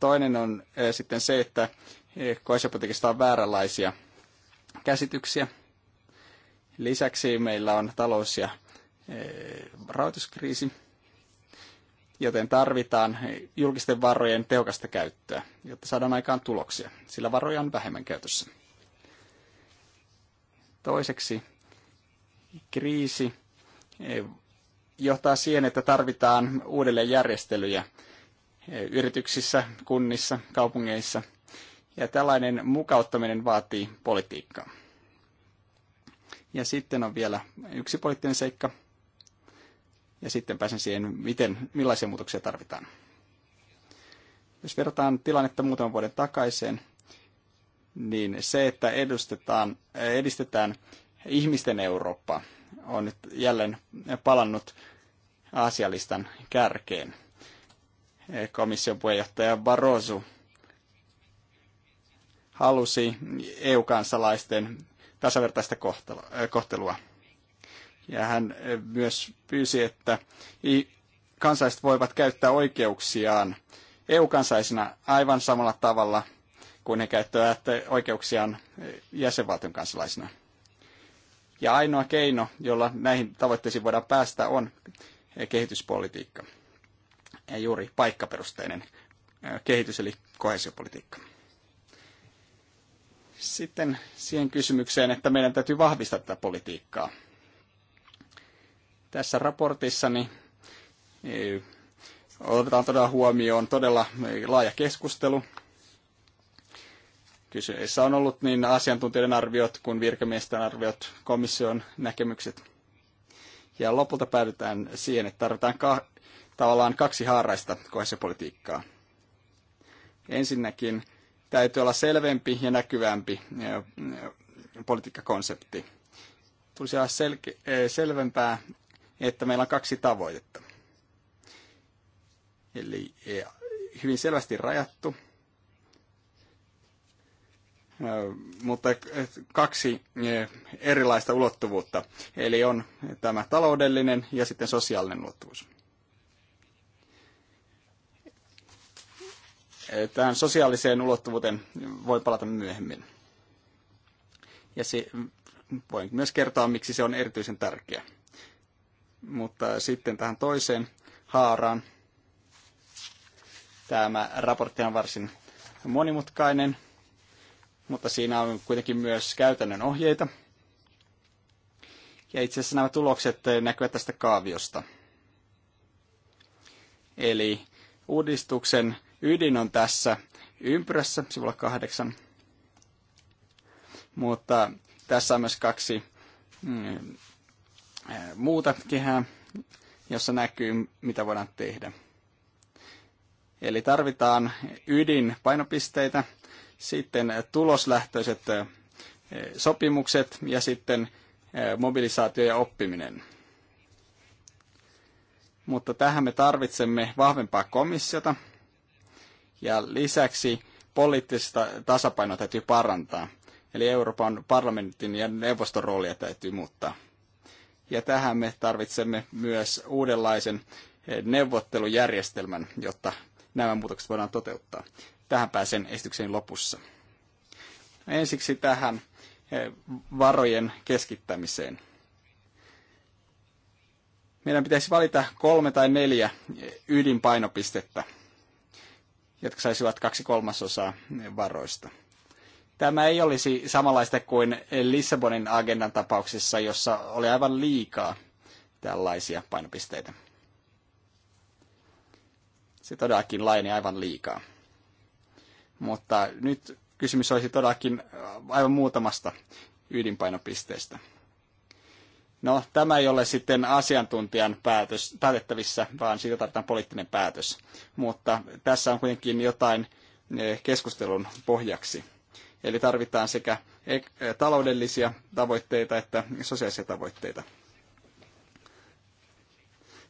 Toinen on sitten se, että koisopotikista on vääränlaisia käsityksiä. Lisäksi meillä on talous- ja e, rahoituskriisi, joten tarvitaan julkisten varojen tehokasta käyttöä, jotta saadaan aikaan tuloksia, sillä varoja on vähemmän käytössä. Toiseksi kriisi e, johtaa siihen, että tarvitaan uudelleen järjestelyjä e, yrityksissä, kunnissa, kaupungeissa – ja tällainen mukauttaminen vaatii politiikkaa. Ja sitten on vielä yksi poliittinen seikka. Ja sitten pääsen siihen, miten, millaisia muutoksia tarvitaan. Jos verrataan tilannetta muutaman vuoden takaiseen, niin se, että edustetaan, edistetään ihmisten Eurooppaa, on nyt jälleen palannut asialistan kärkeen. Komission puheenjohtaja Barroso halusi EU-kansalaisten tasavertaista äh, kohtelua. Ja hän äh, myös pyysi, että kansalaiset voivat käyttää oikeuksiaan EU-kansaisina aivan samalla tavalla kuin he käyttävät oikeuksiaan äh, jäsenvaltion kansalaisina. Ja ainoa keino, jolla näihin tavoitteisiin voidaan päästä, on kehityspolitiikka. Ja juuri paikkaperusteinen kehitys eli kohesiopolitiikka. Sitten siihen kysymykseen, että meidän täytyy vahvistaa tätä politiikkaa. Tässä raportissani eh, otetaan todella huomioon todella eh, laaja keskustelu. Kyseessä on ollut niin asiantuntijoiden arviot kuin virkamiesten arviot, komission näkemykset. Ja lopulta päädytään siihen, että tarvitaan ka- tavallaan kaksi haaraista politiikkaa. Ensinnäkin täytyy olla selvempi ja näkyvämpi politiikkakonsepti. Tulisi olla selke- selvempää, että meillä on kaksi tavoitetta. Eli hyvin selvästi rajattu, mutta kaksi erilaista ulottuvuutta. Eli on tämä taloudellinen ja sitten sosiaalinen ulottuvuus. Tähän sosiaaliseen ulottuvuuteen voi palata myöhemmin. Ja se, voin myös kertoa, miksi se on erityisen tärkeä. Mutta sitten tähän toiseen haaraan. Tämä raportti on varsin monimutkainen, mutta siinä on kuitenkin myös käytännön ohjeita. Ja itse asiassa nämä tulokset näkyvät tästä kaaviosta. Eli uudistuksen ydin on tässä ympyrässä sivulla kahdeksan. Mutta tässä on myös kaksi mm, muuta kehää, jossa näkyy, mitä voidaan tehdä. Eli tarvitaan ydin painopisteitä, sitten tuloslähtöiset sopimukset ja sitten mobilisaatio ja oppiminen. Mutta tähän me tarvitsemme vahvempaa komissiota, ja lisäksi poliittista tasapainoa täytyy parantaa. Eli Euroopan parlamentin ja neuvoston roolia täytyy muuttaa. Ja tähän me tarvitsemme myös uudenlaisen eh, neuvottelujärjestelmän, jotta nämä muutokset voidaan toteuttaa. Tähän pääsen esityksen lopussa. Ensiksi tähän eh, varojen keskittämiseen. Meidän pitäisi valita kolme tai neljä eh, ydinpainopistettä – jotka saisivat kaksi kolmasosaa varoista. Tämä ei olisi samanlaista kuin Lissabonin agendan tapauksessa, jossa oli aivan liikaa tällaisia painopisteitä. Se todellakin laini aivan liikaa. Mutta nyt kysymys olisi todellakin aivan muutamasta ydinpainopisteestä. No, tämä ei ole sitten asiantuntijan päätös, päätettävissä, vaan siitä tarvitaan poliittinen päätös. Mutta tässä on kuitenkin jotain eh, keskustelun pohjaksi. Eli tarvitaan sekä eh, taloudellisia tavoitteita että sosiaalisia tavoitteita.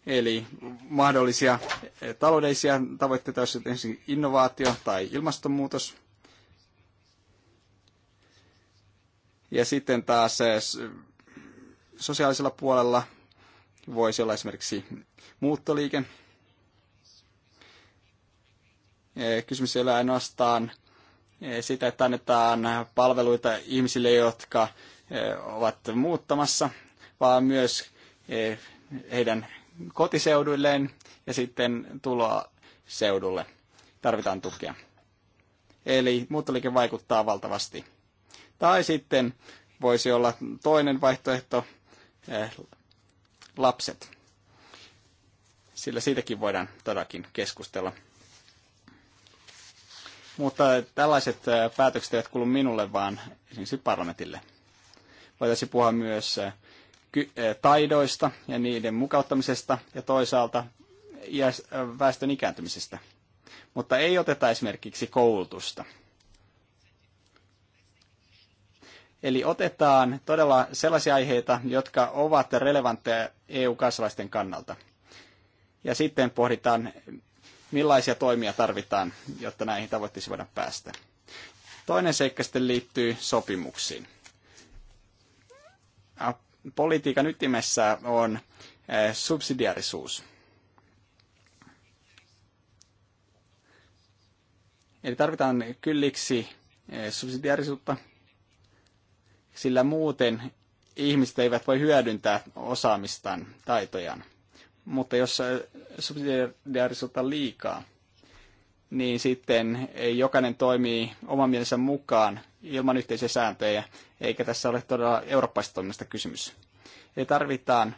Eli mahdollisia eh, taloudellisia tavoitteita olisi ensin innovaatio tai ilmastonmuutos. Ja sitten taas sosiaalisella puolella voisi olla esimerkiksi muuttoliike. Eh, kysymys ei ole ainoastaan eh, sitä, että annetaan palveluita ihmisille, jotka eh, ovat muuttamassa, vaan myös heidän kotiseuduilleen ja sitten tuloa seudulle. Tarvitaan tukea. Eli muuttoliike vaikuttaa valtavasti. Tai sitten voisi olla toinen vaihtoehto, Eh, lapset. Sillä siitäkin voidaan todellakin keskustella. Mutta tällaiset eh, päätökset eivät kuulu minulle, vaan esimerkiksi parlamentille. Voitaisiin puhua myös eh, taidoista ja niiden mukauttamisesta ja toisaalta väestön ikääntymisestä. Mutta ei oteta esimerkiksi koulutusta. Eli otetaan todella sellaisia aiheita, jotka ovat relevantteja EU-kansalaisten kannalta. Ja sitten pohditaan, millaisia toimia tarvitaan, jotta näihin tavoitteisiin voidaan päästä. Toinen seikka sitten liittyy sopimuksiin. Politiikan ytimessä on eh, subsidiarisuus. Eli tarvitaan kylliksi eh, subsidiarisuutta sillä muuten ihmiset eivät voi hyödyntää osaamistaan, taitojaan. Mutta jos subsidiarisuutta liikaa, niin sitten jokainen toimii oman mielensä mukaan ilman yhteisiä sääntöjä, eikä tässä ole todella eurooppaista toiminnasta kysymys. Eli tarvitaan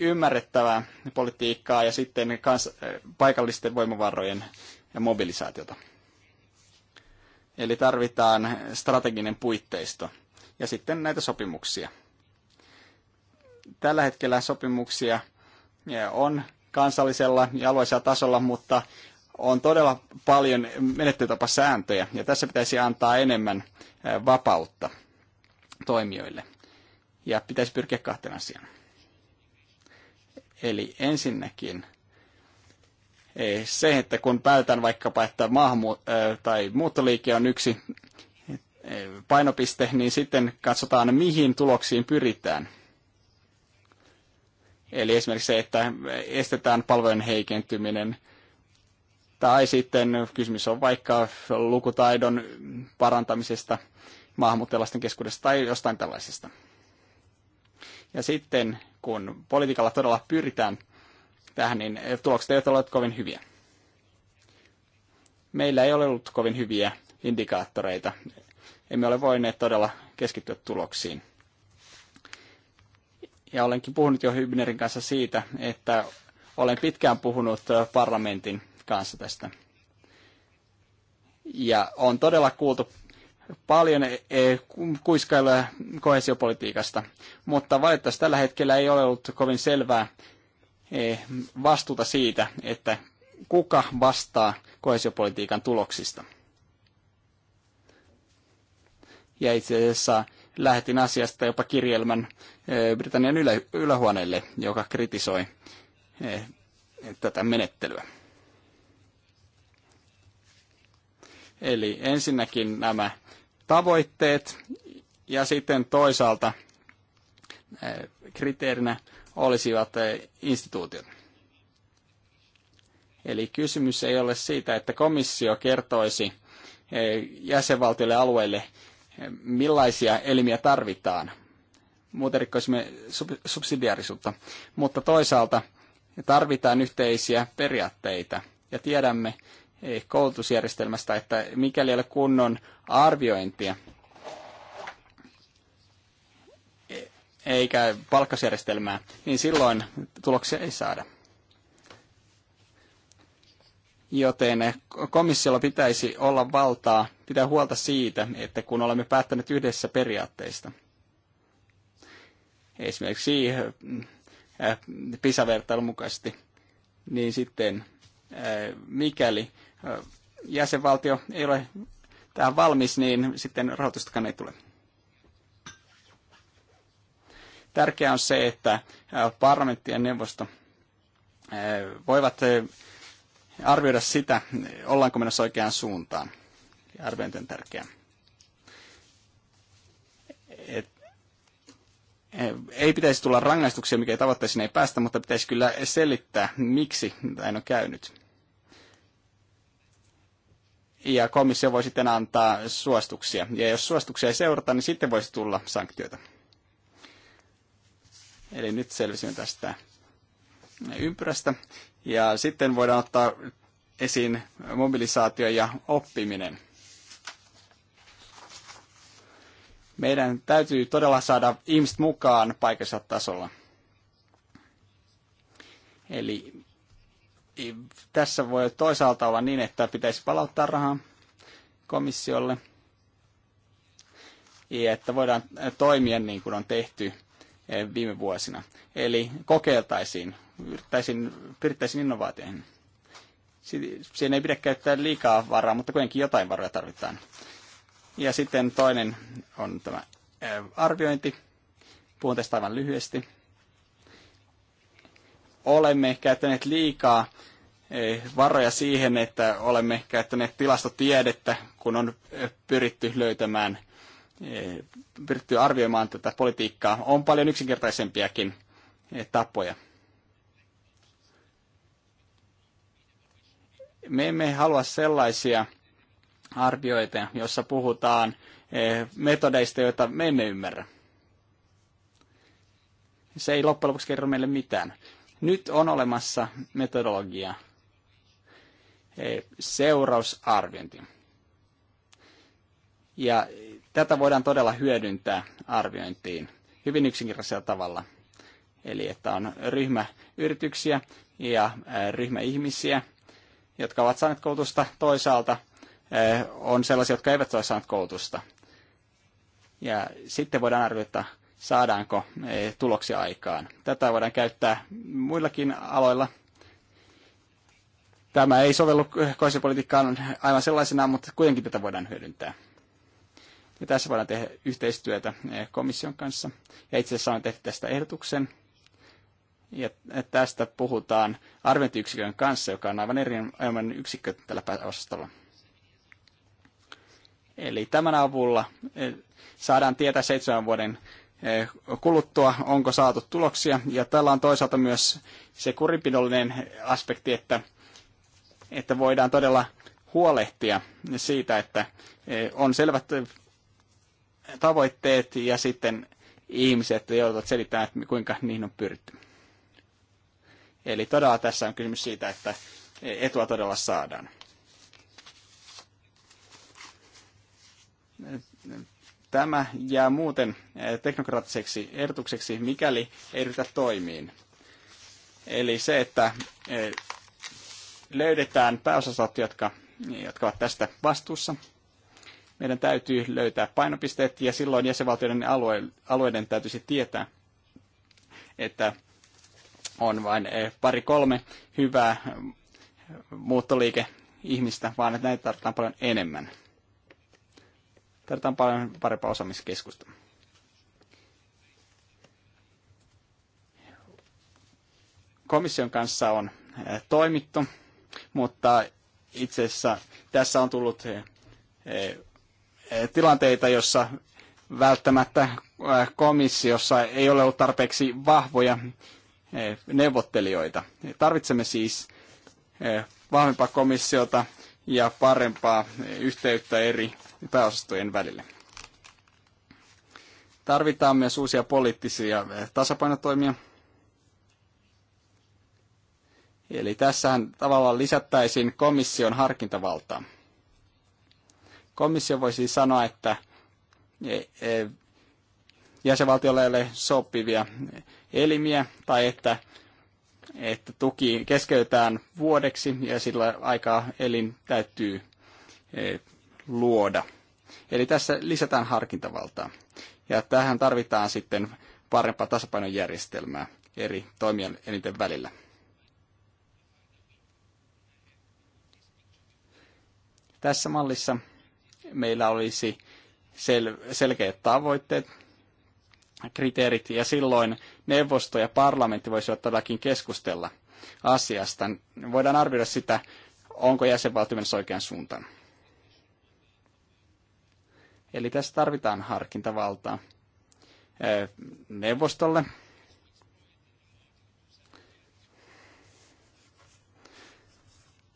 ymmärrettävää politiikkaa ja sitten kans, paikallisten voimavarojen mobilisaatiota. Eli tarvitaan strateginen puitteisto ja sitten näitä sopimuksia. Tällä hetkellä sopimuksia on kansallisella ja alueisella tasolla, mutta on todella paljon menettelytapasääntöjä ja tässä pitäisi antaa enemmän vapautta toimijoille. Ja pitäisi pyrkiä kahteen asiaan. Eli ensinnäkin se, että kun päätän vaikkapa, että maahanmu- tai muuttoliike on yksi painopiste, niin sitten katsotaan, mihin tuloksiin pyritään. Eli esimerkiksi se, että estetään palvelujen heikentyminen, tai sitten kysymys on vaikka lukutaidon parantamisesta maahanmuuttajalaisten keskuudessa tai jostain tällaisesta. Ja sitten kun politiikalla todella pyritään tähän, niin eh, tulokset eivät ole kovin hyviä. Meillä ei ole ollut kovin hyviä indikaattoreita. Emme ole voineet todella keskittyä tuloksiin. Ja olenkin puhunut jo Hybnerin kanssa siitä, että olen pitkään puhunut eh, parlamentin kanssa tästä. Ja on todella kuultu paljon eh, kuiskailuja kohesiopolitiikasta, mutta valitettavasti tällä hetkellä ei ole ollut kovin selvää, Eh, vastuuta siitä, että kuka vastaa kohesiopolitiikan tuloksista. Ja itse asiassa lähetin asiasta jopa kirjelmän eh, Britannian ylä, ylähuoneelle, joka kritisoi eh, tätä menettelyä. Eli ensinnäkin nämä tavoitteet ja sitten toisaalta kriteerinä olisivat eh, instituutiot. Eli kysymys ei ole siitä, että komissio kertoisi eh, jäsenvaltioille alueille, eh, millaisia elimiä tarvitaan. Muuten rikkoisimme subsidiarisuutta. Mutta toisaalta tarvitaan yhteisiä periaatteita. Ja tiedämme koulutusjärjestelmästä, että mikäli ei ole kunnon arviointia, eikä palkkasjärjestelmää, niin silloin tuloksia ei saada. Joten komissiolla pitäisi olla valtaa pitää huolta siitä, että kun olemme päättäneet yhdessä periaatteista, esimerkiksi eh, PISA-vertailun mukaisesti, niin sitten eh, mikäli eh, jäsenvaltio ei ole tähän valmis, niin sitten rahoitustakaan ei tule. Tärkeää on se, että parlamentti ja neuvosto voivat arvioida sitä, ollaanko menossa oikeaan suuntaan. Arviointi on tärkeää. Et, ei pitäisi tulla rangaistuksia, mikä tavoitteisiin ei päästä, mutta pitäisi kyllä selittää, miksi näin on käynyt. Ja komissio voi sitten antaa suostuksia. Ja jos suostuksia ei seurata, niin sitten voisi tulla sanktioita. Eli nyt selvisimme tästä ympyrästä. Ja sitten voidaan ottaa esiin mobilisaatio ja oppiminen. Meidän täytyy todella saada ihmiset mukaan paikallisella tasolla. Eli tässä voi toisaalta olla niin, että pitäisi palauttaa rahaa komissiolle, ja että voidaan toimia niin kuin on tehty Eh, viime vuosina. Eli kokeiltaisiin, yrittäisiin, pyrittäisiin innovaatioihin. Siinä ei pidä käyttää liikaa varaa, mutta kuitenkin jotain varoja tarvitaan. Ja sitten toinen on tämä eh, arviointi. Puhun tästä aivan lyhyesti. Olemme käyttäneet liikaa eh, varoja siihen, että olemme käyttäneet tilastotiedettä, kun on pyritty löytämään Eh, pyritty arvioimaan tätä politiikkaa. On paljon yksinkertaisempiakin eh, tapoja. Me emme halua sellaisia arvioita, jossa puhutaan eh, metodeista, joita me emme ymmärrä. Se ei loppujen lopuksi kerro meille mitään. Nyt on olemassa metodologia, seurausarviointi. Ja Tätä voidaan todella hyödyntää arviointiin hyvin yksinkertaisella tavalla. Eli että on ryhmä yrityksiä ja ryhmä ihmisiä, jotka ovat saaneet koulutusta toisaalta, on sellaisia, jotka eivät ole saaneet koulutusta. Ja sitten voidaan arvioida, saadaanko tuloksia aikaan. Tätä voidaan käyttää muillakin aloilla. Tämä ei sovellu koisipolitiikkaan aivan sellaisenaan, mutta kuitenkin tätä voidaan hyödyntää. Ja tässä voidaan tehdä yhteistyötä eh, komission kanssa. Ja itse asiassa on tehty tästä ehdotuksen. Ja eh, tästä puhutaan arviointiyksikön kanssa, joka on aivan erinomainen yksikkö tällä pääosastolla. Eli tämän avulla eh, saadaan tietää seitsemän vuoden kuluttua, onko saatu tuloksia. Ja tällä on toisaalta myös se kurinpidollinen aspekti, että, että voidaan todella huolehtia siitä, että on selvät tavoitteet ja sitten ihmiset joutuvat selittämään, että kuinka niihin on pyritty. Eli todella tässä on kysymys siitä, että etua todella saadaan. Tämä jää muuten teknokraattiseksi ehdotukseksi, mikäli ei ryhdytä toimiin. Eli se, että eh, löydetään pääosastot, jotka, jotka ovat tästä vastuussa, meidän täytyy löytää painopisteet ja silloin jäsenvaltioiden alueiden täytyisi tietää, että on vain eh, pari kolme hyvää eh, muuttoliike ihmistä, vaan että näitä tarvitaan paljon enemmän. Tarvitaan paljon parempaa osaamiskeskusta. Komission kanssa on eh, toimittu, mutta itse asiassa tässä on tullut Eh, tilanteita, jossa välttämättä eh, komissiossa ei ole ollut tarpeeksi vahvoja eh, neuvottelijoita. Tarvitsemme siis vahvempaa komissiota ja parempaa yhteyttä eri pääosastojen välille. Tarvitaan myös uusia poliittisia tasapainotoimia. Eli tässähän tavallaan lisättäisiin komission harkintavaltaa. Komissio voi siis sanoa, että e, e, jäsenvaltiolle ei ole sopivia elimiä tai että, että tuki keskeytään vuodeksi ja sillä aikaa elin täytyy e, luoda. Eli tässä lisätään harkintavaltaa. Ja tähän tarvitaan sitten parempaa tasapainojärjestelmää eri toimijan eniten välillä. Tässä mallissa meillä olisi sel- selkeät tavoitteet, kriteerit, ja silloin neuvosto ja parlamentti voisivat todellakin keskustella asiasta. Voidaan arvioida sitä, onko jäsenvaltio menossa oikean suuntaan. Eli tässä tarvitaan harkintavaltaa eh, neuvostolle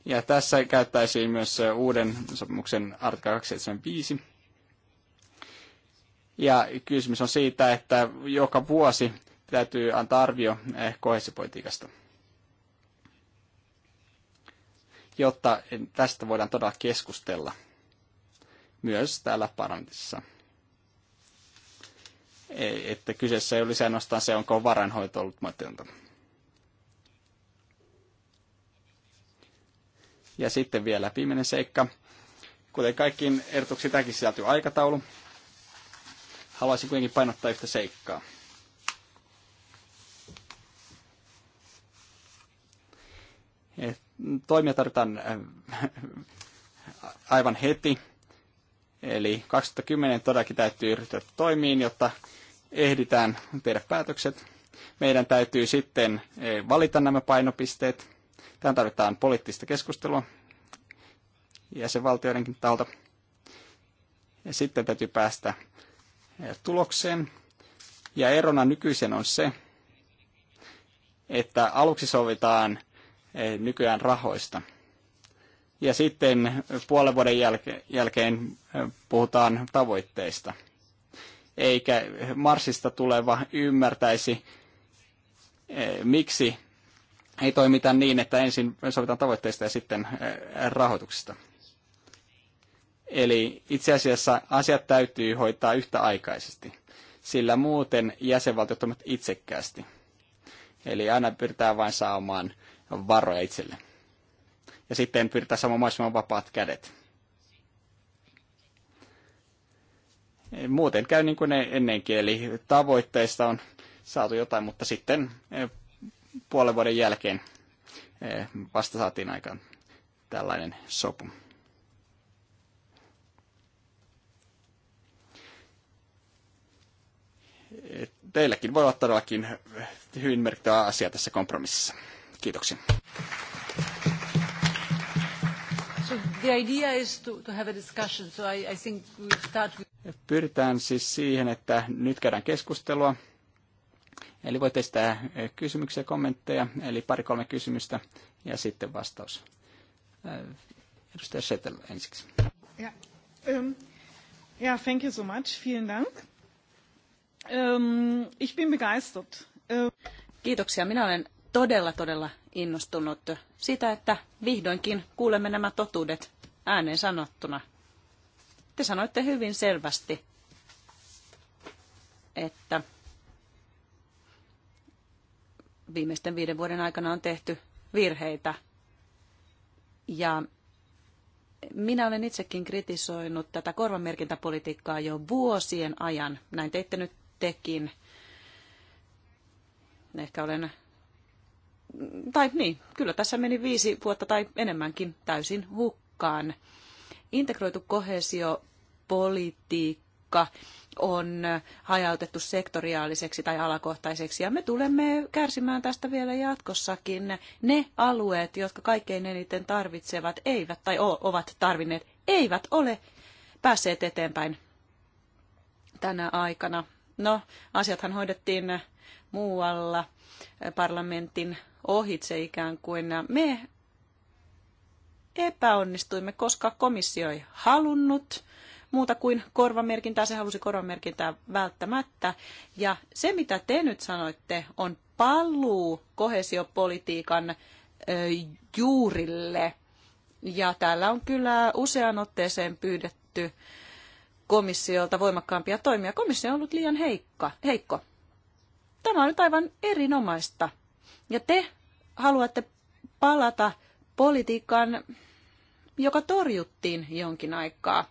Ja tässä käyttäisiin myös uuden sopimuksen artikla 275. Ja kysymys on siitä, että joka vuosi täytyy antaa arvio eh, kohesipolitiikasta, jotta tästä voidaan todella keskustella myös täällä parlamentissa. E, että kyseessä ei olisi ainoastaan se, onko varainhoito ollut matilta. Ja sitten vielä viimeinen seikka. Kuten kaikkiin ehdotuksiin tämäkin sisältyy aikataulu. Haluaisin kuitenkin painottaa yhtä seikkaa. Toimia tarvitaan äh, aivan heti. Eli 2010 todellakin täytyy ryhtyä toimiin, jotta ehditään tehdä päätökset. Meidän täytyy sitten eh, valita nämä painopisteet Tähän tarvitaan poliittista keskustelua jäsenvaltioidenkin taholta. Ja sitten täytyy päästä eh, tulokseen. Ja erona nykyisen on se, että aluksi sovitaan eh, nykyään rahoista. Ja sitten puolen vuoden jälkeen eh, puhutaan tavoitteista. Eikä Marsista tuleva ymmärtäisi, miksi ei toimita niin, että ensin sovitaan tavoitteista ja sitten rahoituksista. Eli itse asiassa asiat täytyy hoitaa yhtäaikaisesti, sillä muuten jäsenvaltiot ovat itsekkäästi. Eli aina pyritään vain saamaan varoja itselle. Ja sitten pyritään saamaan mahdollisimman vapaat kädet. Muuten käy niin kuin e- ennenkin, eli tavoitteista on saatu jotain, mutta sitten puolen vuoden jälkeen eh, vasta saatiin aikaan tällainen sopu. Teilläkin voi olla todellakin hyvin merkittävä asia tässä kompromississa. Kiitoksia. Pyritään siis siihen, että nyt käydään keskustelua Eli voit esittää eh, kysymyksiä, kommentteja, eli pari-kolme kysymystä ja sitten vastaus. Eh, edustaja Schettel ensiksi. Ja, um, ja, thank you so much. Vielen Dank. Um, ich bin begeistert. Um... Kiitoksia. Minä olen todella, todella innostunut siitä, että vihdoinkin kuulemme nämä totuudet ääneen sanottuna. Te sanoitte hyvin selvästi, että viimeisten viiden vuoden aikana on tehty virheitä. Ja minä olen itsekin kritisoinut tätä korvamerkintäpolitiikkaa jo vuosien ajan. Näin teitte nyt tekin. Ehkä olen tai niin, kyllä tässä meni viisi vuotta tai enemmänkin täysin hukkaan. Integroitu kohesiopolitiikka taakka on hajautettu sektoriaaliseksi tai alakohtaiseksi. Ja me tulemme kärsimään tästä vielä jatkossakin. Ne alueet, jotka kaikkein eniten tarvitsevat, eivät tai ovat tarvinneet, eivät ole päässeet eteenpäin tänä aikana. No, asiathan hoidettiin muualla parlamentin ohitse ikään kuin. Me epäonnistuimme, koska komissio ei halunnut muuta kuin korvamerkintää. Se halusi korvamerkintää välttämättä. Ja se, mitä te nyt sanoitte, on paluu kohesiopolitiikan juurille. Ja täällä on kyllä useaan otteeseen pyydetty komissiolta voimakkaampia toimia. Komissio on ollut liian heikka, heikko. Tämä on nyt aivan erinomaista. Ja te haluatte palata politiikan joka torjuttiin jonkin aikaa.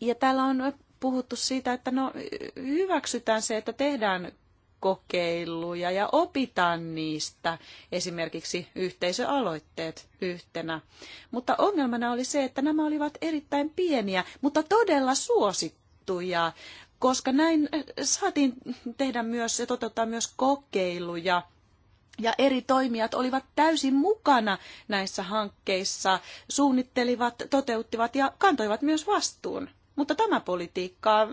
Ja täällä on puhuttu siitä, että no, hyväksytään se, että tehdään kokeiluja ja opitaan niistä esimerkiksi yhteisöaloitteet yhtenä. Mutta ongelmana oli se, että nämä olivat erittäin pieniä, mutta todella suosittuja, koska näin eh, saatiin tehdä myös ja toteuttaa myös kokeiluja ja eri toimijat olivat täysin mukana näissä hankkeissa, suunnittelivat, toteuttivat ja kantoivat myös vastuun. Mutta tämä politiikka,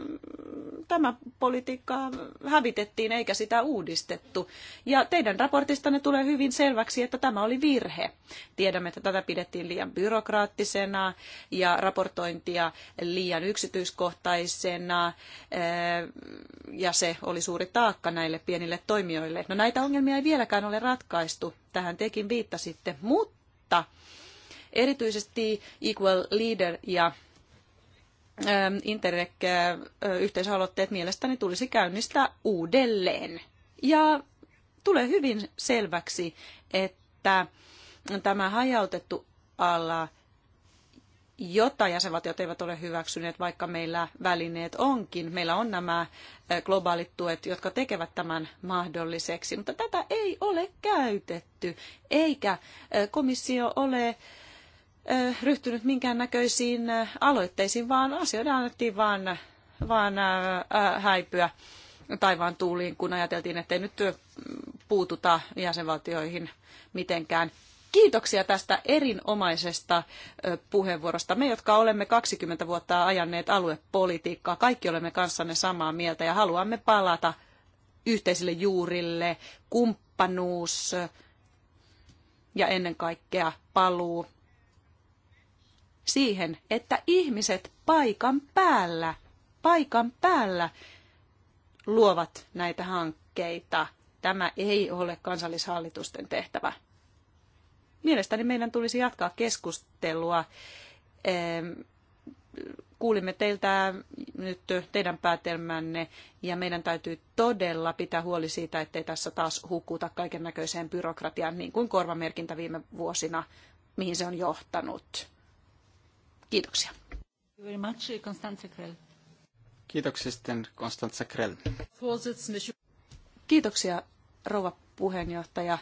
tämä politiikka hävitettiin eikä sitä uudistettu. Ja teidän raportistanne tulee hyvin selväksi, että tämä oli virhe. Tiedämme, että tätä pidettiin liian byrokraattisena ja raportointia liian yksityiskohtaisena eh, ja se oli suuri taakka näille pienille toimijoille. No näitä ongelmia ei vieläkään ole ratkaistu, tähän tekin viittasitte, mutta erityisesti Equal Leader ja Ähm, interreg äh, yhteisaloitteet mielestäni tulisi käynnistää uudelleen. Ja tulee hyvin selväksi, että tämä hajautettu ala, jota jäsenvaltiot eivät ole hyväksyneet, vaikka meillä välineet onkin. Meillä on nämä äh, globaalit tuet, jotka tekevät tämän mahdolliseksi, mutta tätä ei ole käytetty, eikä äh, komissio ole ryhtynyt minkäännäköisiin aloitteisiin, vaan asioita annettiin vaan, vaan häipyä taivaan tuuliin, kun ajateltiin, että ei nyt puututa jäsenvaltioihin mitenkään. Kiitoksia tästä erinomaisesta puheenvuorosta. Me, jotka olemme 20 vuotta ajanneet aluepolitiikkaa, kaikki olemme kanssanne samaa mieltä ja haluamme palata yhteisille juurille, kumppanuus ja ennen kaikkea paluu siihen, että ihmiset paikan päällä, paikan päällä luovat näitä hankkeita. Tämä ei ole kansallishallitusten tehtävä. Mielestäni meidän tulisi jatkaa keskustelua. Kuulimme teiltä nyt teidän päätelmänne ja meidän täytyy todella pitää huoli siitä, ettei tässä taas hukuta kaiken näköiseen byrokratiaan, niin kuin korvamerkintä viime vuosina, mihin se on johtanut Kiitoksia. Kiitoksia sitten Konstantse Krell. Kiitoksia rouva puheenjohtaja.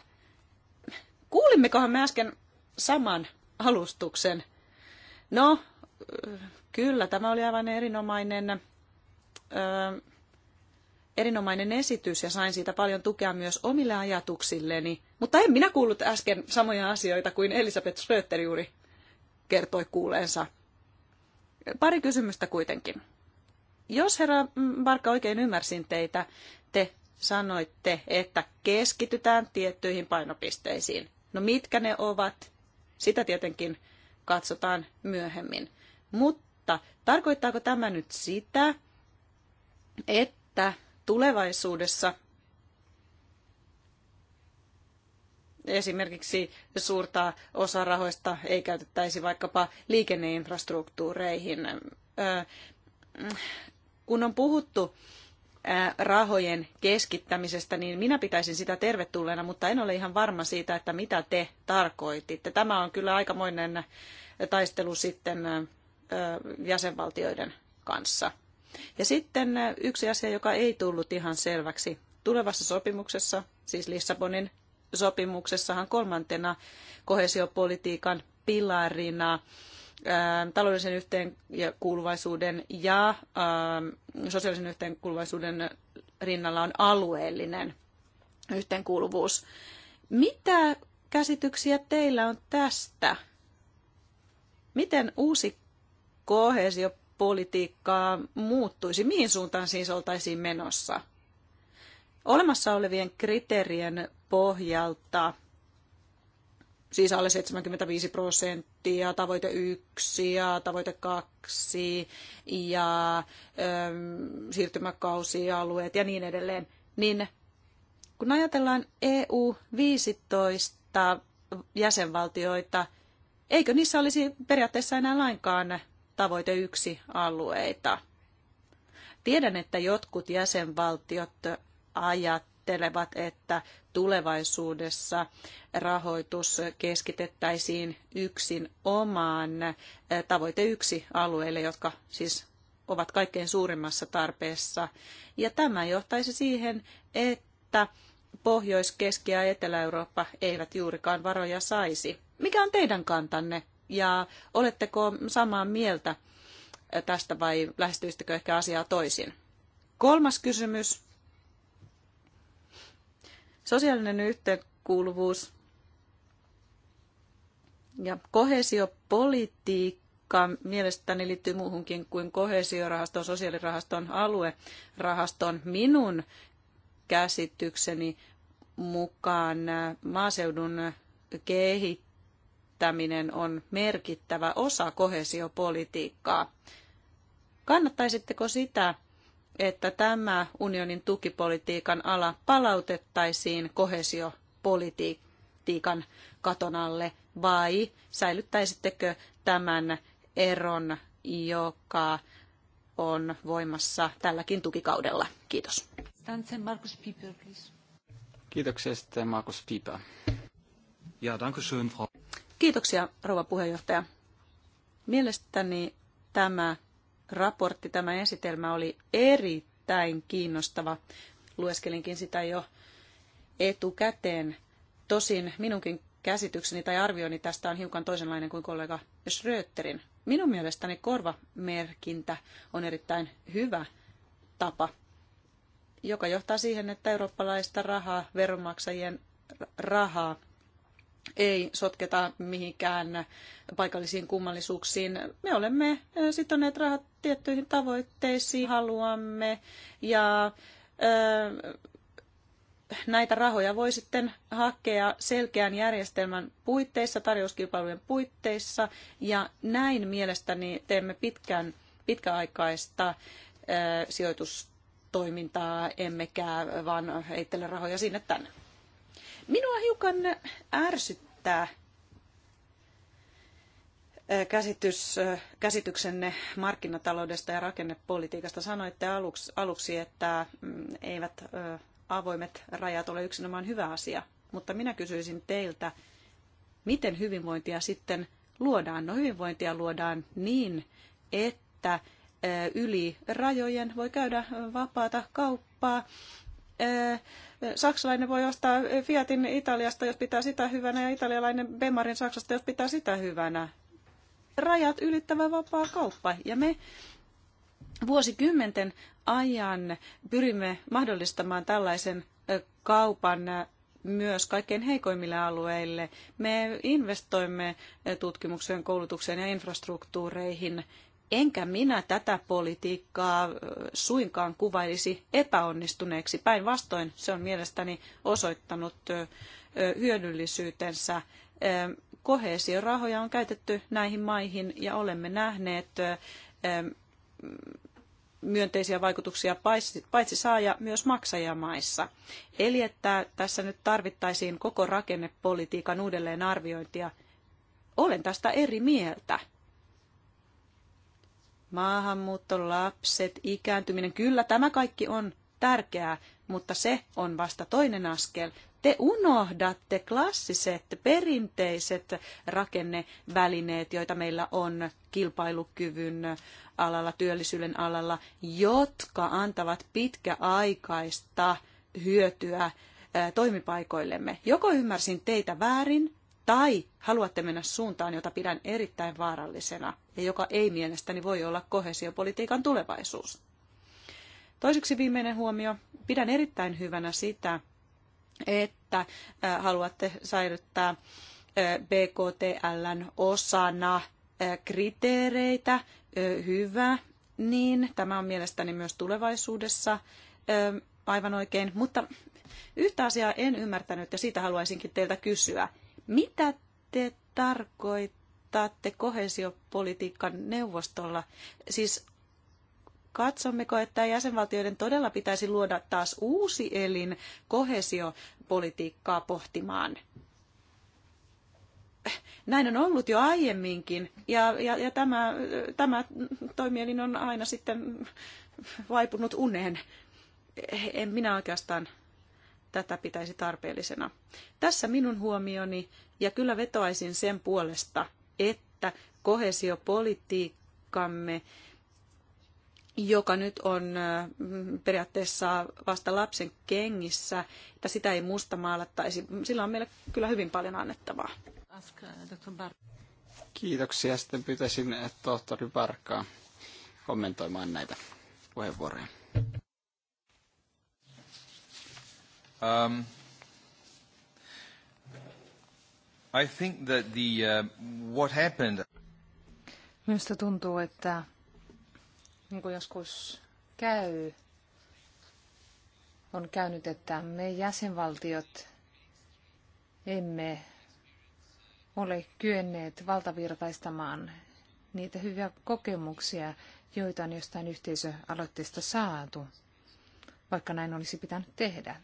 Kuulimmekohan me äsken saman alustuksen? No, kyllä, tämä oli aivan erinomainen, ö, erinomainen esitys ja sain siitä paljon tukea myös omille ajatuksilleni. Mutta en minä kuullut äsken samoja asioita kuin Elisabeth Schröter juuri kertoi kuuleensa. Pari kysymystä kuitenkin. Jos herra Barkka oikein ymmärsin teitä, te sanoitte, että keskitytään tiettyihin painopisteisiin. No mitkä ne ovat? Sitä tietenkin katsotaan myöhemmin. Mutta tarkoittaako tämä nyt sitä, että tulevaisuudessa esimerkiksi suurta osaa rahoista ei käytettäisi vaikkapa liikenneinfrastruktuureihin. Kun on puhuttu rahojen keskittämisestä, niin minä pitäisin sitä tervetulleena, mutta en ole ihan varma siitä, että mitä te tarkoititte. Tämä on kyllä aikamoinen taistelu sitten jäsenvaltioiden kanssa. Ja sitten yksi asia, joka ei tullut ihan selväksi. Tulevassa sopimuksessa, siis Lissabonin sopimuksessahan kolmantena kohesiopolitiikan pilarina taloudellisen yhteenkuuluvaisuuden ja sosiaalisen yhteenkuuluvaisuuden rinnalla on alueellinen yhteenkuuluvuus. Mitä käsityksiä teillä on tästä? Miten uusi koheesiopolitiikka muuttuisi? Mihin suuntaan siis oltaisiin menossa? Olemassa olevien kriteerien pohjalta, siis alle 75 prosenttia, tavoite 1 ja tavoite 2 ja ö, siirtymäkausialueet ja niin edelleen, niin kun ajatellaan EU-15 jäsenvaltioita, eikö niissä olisi periaatteessa enää lainkaan tavoite yksi alueita? Tiedän, että jotkut jäsenvaltiot ajattelevat, että tulevaisuudessa rahoitus keskitettäisiin yksin omaan tavoite yksi alueille, jotka siis ovat kaikkein suurimmassa tarpeessa. Ja tämä johtaisi siihen, että Pohjois-, Keski- ja Etelä-Eurooppa eivät juurikaan varoja saisi. Mikä on teidän kantanne ja oletteko samaa mieltä tästä vai lähestyisittekö ehkä asiaa toisin? Kolmas kysymys Sosiaalinen yhteenkuuluvuus ja kohesiopolitiikka mielestäni liittyy muuhunkin kuin kohesiorahaston, sosiaalirahaston, aluerahaston. Minun käsitykseni mukaan maaseudun kehittäminen on merkittävä osa kohesiopolitiikkaa. Kannattaisitteko sitä, että tämä unionin tukipolitiikan ala palautettaisiin kohesiopolitiikan katon alle vai säilyttäisittekö tämän eron, joka on voimassa tälläkin tukikaudella? Kiitos. Markus Pieper, Kiitoksia sitten Markus Pieper. Ja, danke schön, Frau. Kiitoksia, rouva puheenjohtaja. Mielestäni tämä raportti, tämä esitelmä oli erittäin kiinnostava. Lueskelinkin sitä jo etukäteen. Tosin minunkin käsitykseni tai arvioni tästä on hiukan toisenlainen kuin kollega Schröterin. Minun mielestäni korvamerkintä on erittäin hyvä tapa, joka johtaa siihen, että eurooppalaista rahaa, veronmaksajien rahaa ei sotketa mihinkään paikallisiin kummallisuuksiin. Me olemme sitoneet rahat tiettyihin tavoitteisiin, haluamme ja näitä rahoja voi sitten hakea selkeän järjestelmän puitteissa, tarjouskilpailujen puitteissa ja näin mielestäni teemme pitkän, pitkäaikaista sijoitustoimintaa, emmekä vaan heittele rahoja sinne tänne. Minua hiukan ärsyttää käsitys, käsityksenne markkinataloudesta ja rakennepolitiikasta. Sanoitte aluksi, aluksi että mm, eivät avoimet rajat ole yksinomaan hyvä asia, mutta minä kysyisin teiltä, miten hyvinvointia sitten luodaan? No hyvinvointia luodaan niin, että yli rajojen voi käydä vapaata kauppaa Äh, saksalainen voi ostaa Fiatin Italiasta, jos pitää sitä hyvänä, ja italialainen Bemarin Saksasta, jos pitää sitä hyvänä. Rajat ylittävä vapaa kauppa. Ja me vuosikymmenten ajan pyrimme mahdollistamaan tällaisen äh, kaupan äh, myös kaikkein heikoimmille alueille. Me investoimme tutkimukseen, koulutukseen ja infrastruktuureihin Enkä minä tätä politiikkaa suinkaan kuvailisi epäonnistuneeksi. Päinvastoin se on mielestäni osoittanut hyödyllisyytensä. Kohesiorahoja on käytetty näihin maihin ja olemme nähneet myönteisiä vaikutuksia paitsi saaja myös maksajamaissa. Eli että tässä nyt tarvittaisiin koko rakennepolitiikan uudelleenarviointia. Olen tästä eri mieltä maahanmuutto, lapset, ikääntyminen. Kyllä tämä kaikki on tärkeää, mutta se on vasta toinen askel. Te unohdatte klassiset, perinteiset rakennevälineet, joita meillä on kilpailukyvyn alalla, työllisyyden alalla, jotka antavat pitkäaikaista hyötyä toimipaikoillemme. Joko ymmärsin teitä väärin tai haluatte mennä suuntaan, jota pidän erittäin vaarallisena ja joka ei mielestäni voi olla kohesiopolitiikan tulevaisuus. Toiseksi viimeinen huomio. Pidän erittäin hyvänä sitä, että haluatte säilyttää BKTLn osana kriteereitä. Hyvä, niin tämä on mielestäni myös tulevaisuudessa aivan oikein. Mutta yhtä asiaa en ymmärtänyt ja siitä haluaisinkin teiltä kysyä. Mitä te tarkoitatte kohesiopolitiikan neuvostolla? Siis katsommeko, että jäsenvaltioiden todella pitäisi luoda taas uusi elin kohesiopolitiikkaa pohtimaan? Näin on ollut jo aiemminkin, ja, ja, ja tämä, tämä toimielin on aina sitten vaipunut uneen. En minä oikeastaan tätä pitäisi tarpeellisena. Tässä minun huomioni, ja kyllä vetoaisin sen puolesta, että kohesiopolitiikkamme, joka nyt on periaatteessa vasta lapsen kengissä, että sitä ei maalattaisi. Sillä on meille kyllä hyvin paljon annettavaa. Kiitoksia. Sitten pyytäisin tohtori Barkaa kommentoimaan näitä puheenvuoroja. Um, I think that the, uh, what happened... Minusta tuntuu, että niin kuin joskus käy, on käynyt, että me jäsenvaltiot emme ole kyenneet valtavirtaistamaan niitä hyviä kokemuksia, joita on jostain yhteisöaloitteesta saatu, vaikka näin olisi pitänyt tehdä.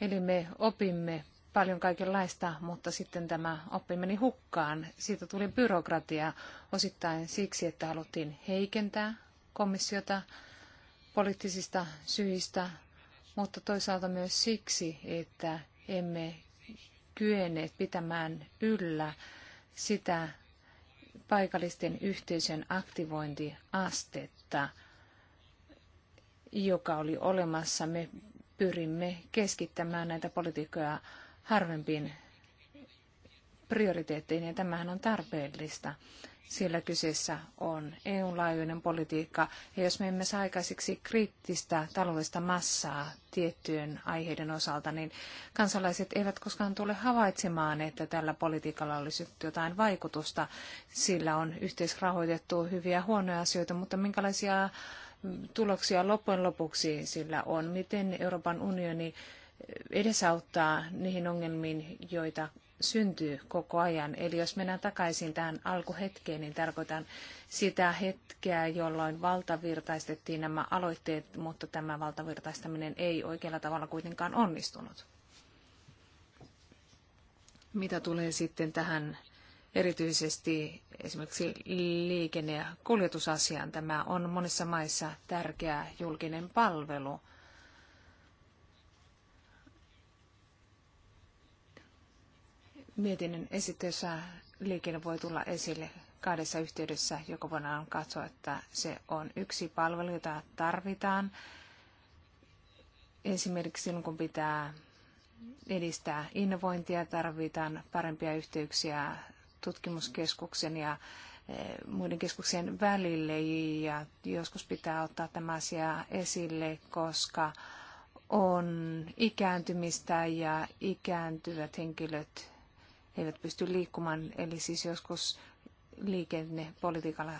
Eli me opimme paljon kaikenlaista, mutta sitten tämä oppi meni hukkaan. Siitä tuli byrokratia osittain siksi, että haluttiin heikentää komissiota poliittisista syistä, mutta toisaalta myös siksi, että emme kyenneet pitämään yllä sitä paikallisten yhteisön aktivointiastetta, joka oli olemassa. Me pyrimme keskittämään näitä politiikkoja harvempiin prioriteetteihin, ja tämähän on tarpeellista, sillä kyseessä on EU-laajuinen politiikka, ja jos me emme saa aikaiseksi kriittistä taloudellista massaa tiettyjen aiheiden osalta, niin kansalaiset eivät koskaan tule havaitsemaan, että tällä politiikalla olisi jotain vaikutusta. Sillä on yhteisrahoitettu hyviä huonoja asioita, mutta minkälaisia tuloksia loppujen lopuksi sillä on, miten Euroopan unioni edesauttaa niihin ongelmiin, joita syntyy koko ajan. Eli jos mennään takaisin tähän alkuhetkeen, niin tarkoitan sitä hetkeä, jolloin valtavirtaistettiin nämä aloitteet, mutta tämä valtavirtaistaminen ei oikealla tavalla kuitenkaan onnistunut. Mitä tulee sitten tähän erityisesti esimerkiksi liikenne- ja kuljetusasiaan. Tämä on monissa maissa tärkeä julkinen palvelu. Mietinnön esitössä liikenne voi tulla esille kahdessa yhteydessä, joko voidaan katsoa, että se on yksi palvelu, jota tarvitaan. Esimerkiksi silloin, kun pitää edistää innovointia, tarvitaan parempia yhteyksiä tutkimuskeskuksen ja eh, muiden keskuksien välille ja joskus pitää ottaa tämä asia esille, koska on ikääntymistä ja ikääntyvät henkilöt eivät pysty liikkumaan. Eli siis joskus liikennepolitiikalla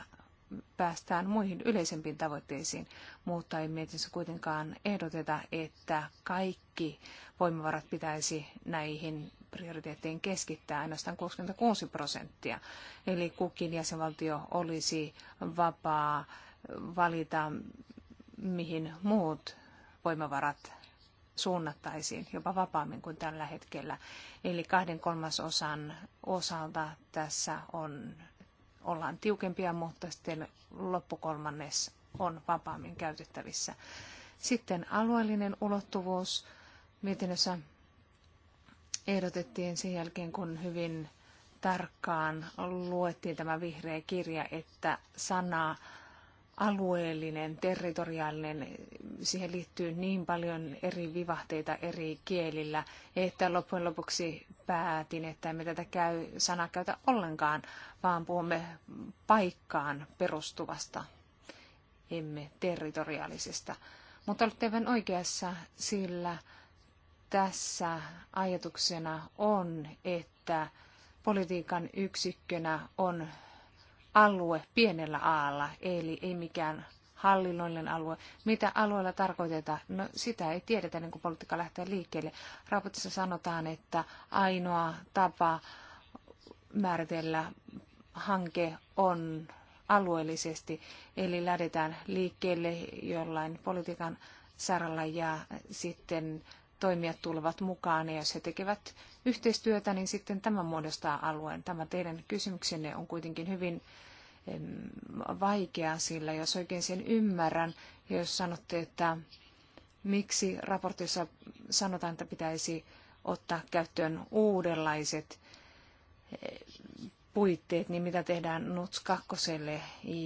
päästään muihin yleisempiin tavoitteisiin, mutta ei mietissä kuitenkaan ehdoteta, että kaikki voimavarat pitäisi näihin prioriteettiin keskittää ainoastaan 66 prosenttia. Eli kukin jäsenvaltio olisi vapaa valita, mihin muut voimavarat suunnattaisiin jopa vapaammin kuin tällä hetkellä. Eli kahden kolmasosan osalta tässä on, ollaan tiukempia, mutta sitten loppukolmannes on vapaammin käytettävissä. Sitten alueellinen ulottuvuus. Mietinnössä ehdotettiin sen jälkeen, kun hyvin tarkkaan luettiin tämä vihreä kirja, että sana alueellinen, territoriaalinen, siihen liittyy niin paljon eri vivahteita eri kielillä, että loppujen lopuksi päätin, että emme tätä käy, sanaa käytä ollenkaan, vaan puhumme paikkaan perustuvasta, emme territoriaalisesta. Mutta olette aivan oikeassa, sillä tässä ajatuksena on, että politiikan yksikkönä on alue pienellä aalla, eli ei mikään hallinnollinen alue. Mitä alueella tarkoitetaan? No sitä ei tiedetä, niin kuin politiikka lähtee liikkeelle. Raportissa sanotaan, että ainoa tapa määritellä hanke on alueellisesti, eli lähdetään liikkeelle jollain politiikan saralla ja sitten toimijat tulevat mukaan ja jos he tekevät yhteistyötä, niin sitten tämä muodostaa alueen. Tämä teidän kysymyksenne on kuitenkin hyvin vaikea, sillä jos oikein sen ymmärrän, ja jos sanotte, että miksi raportissa sanotaan, että pitäisi ottaa käyttöön uudenlaiset eh, puitteet, niin mitä tehdään NUTS 2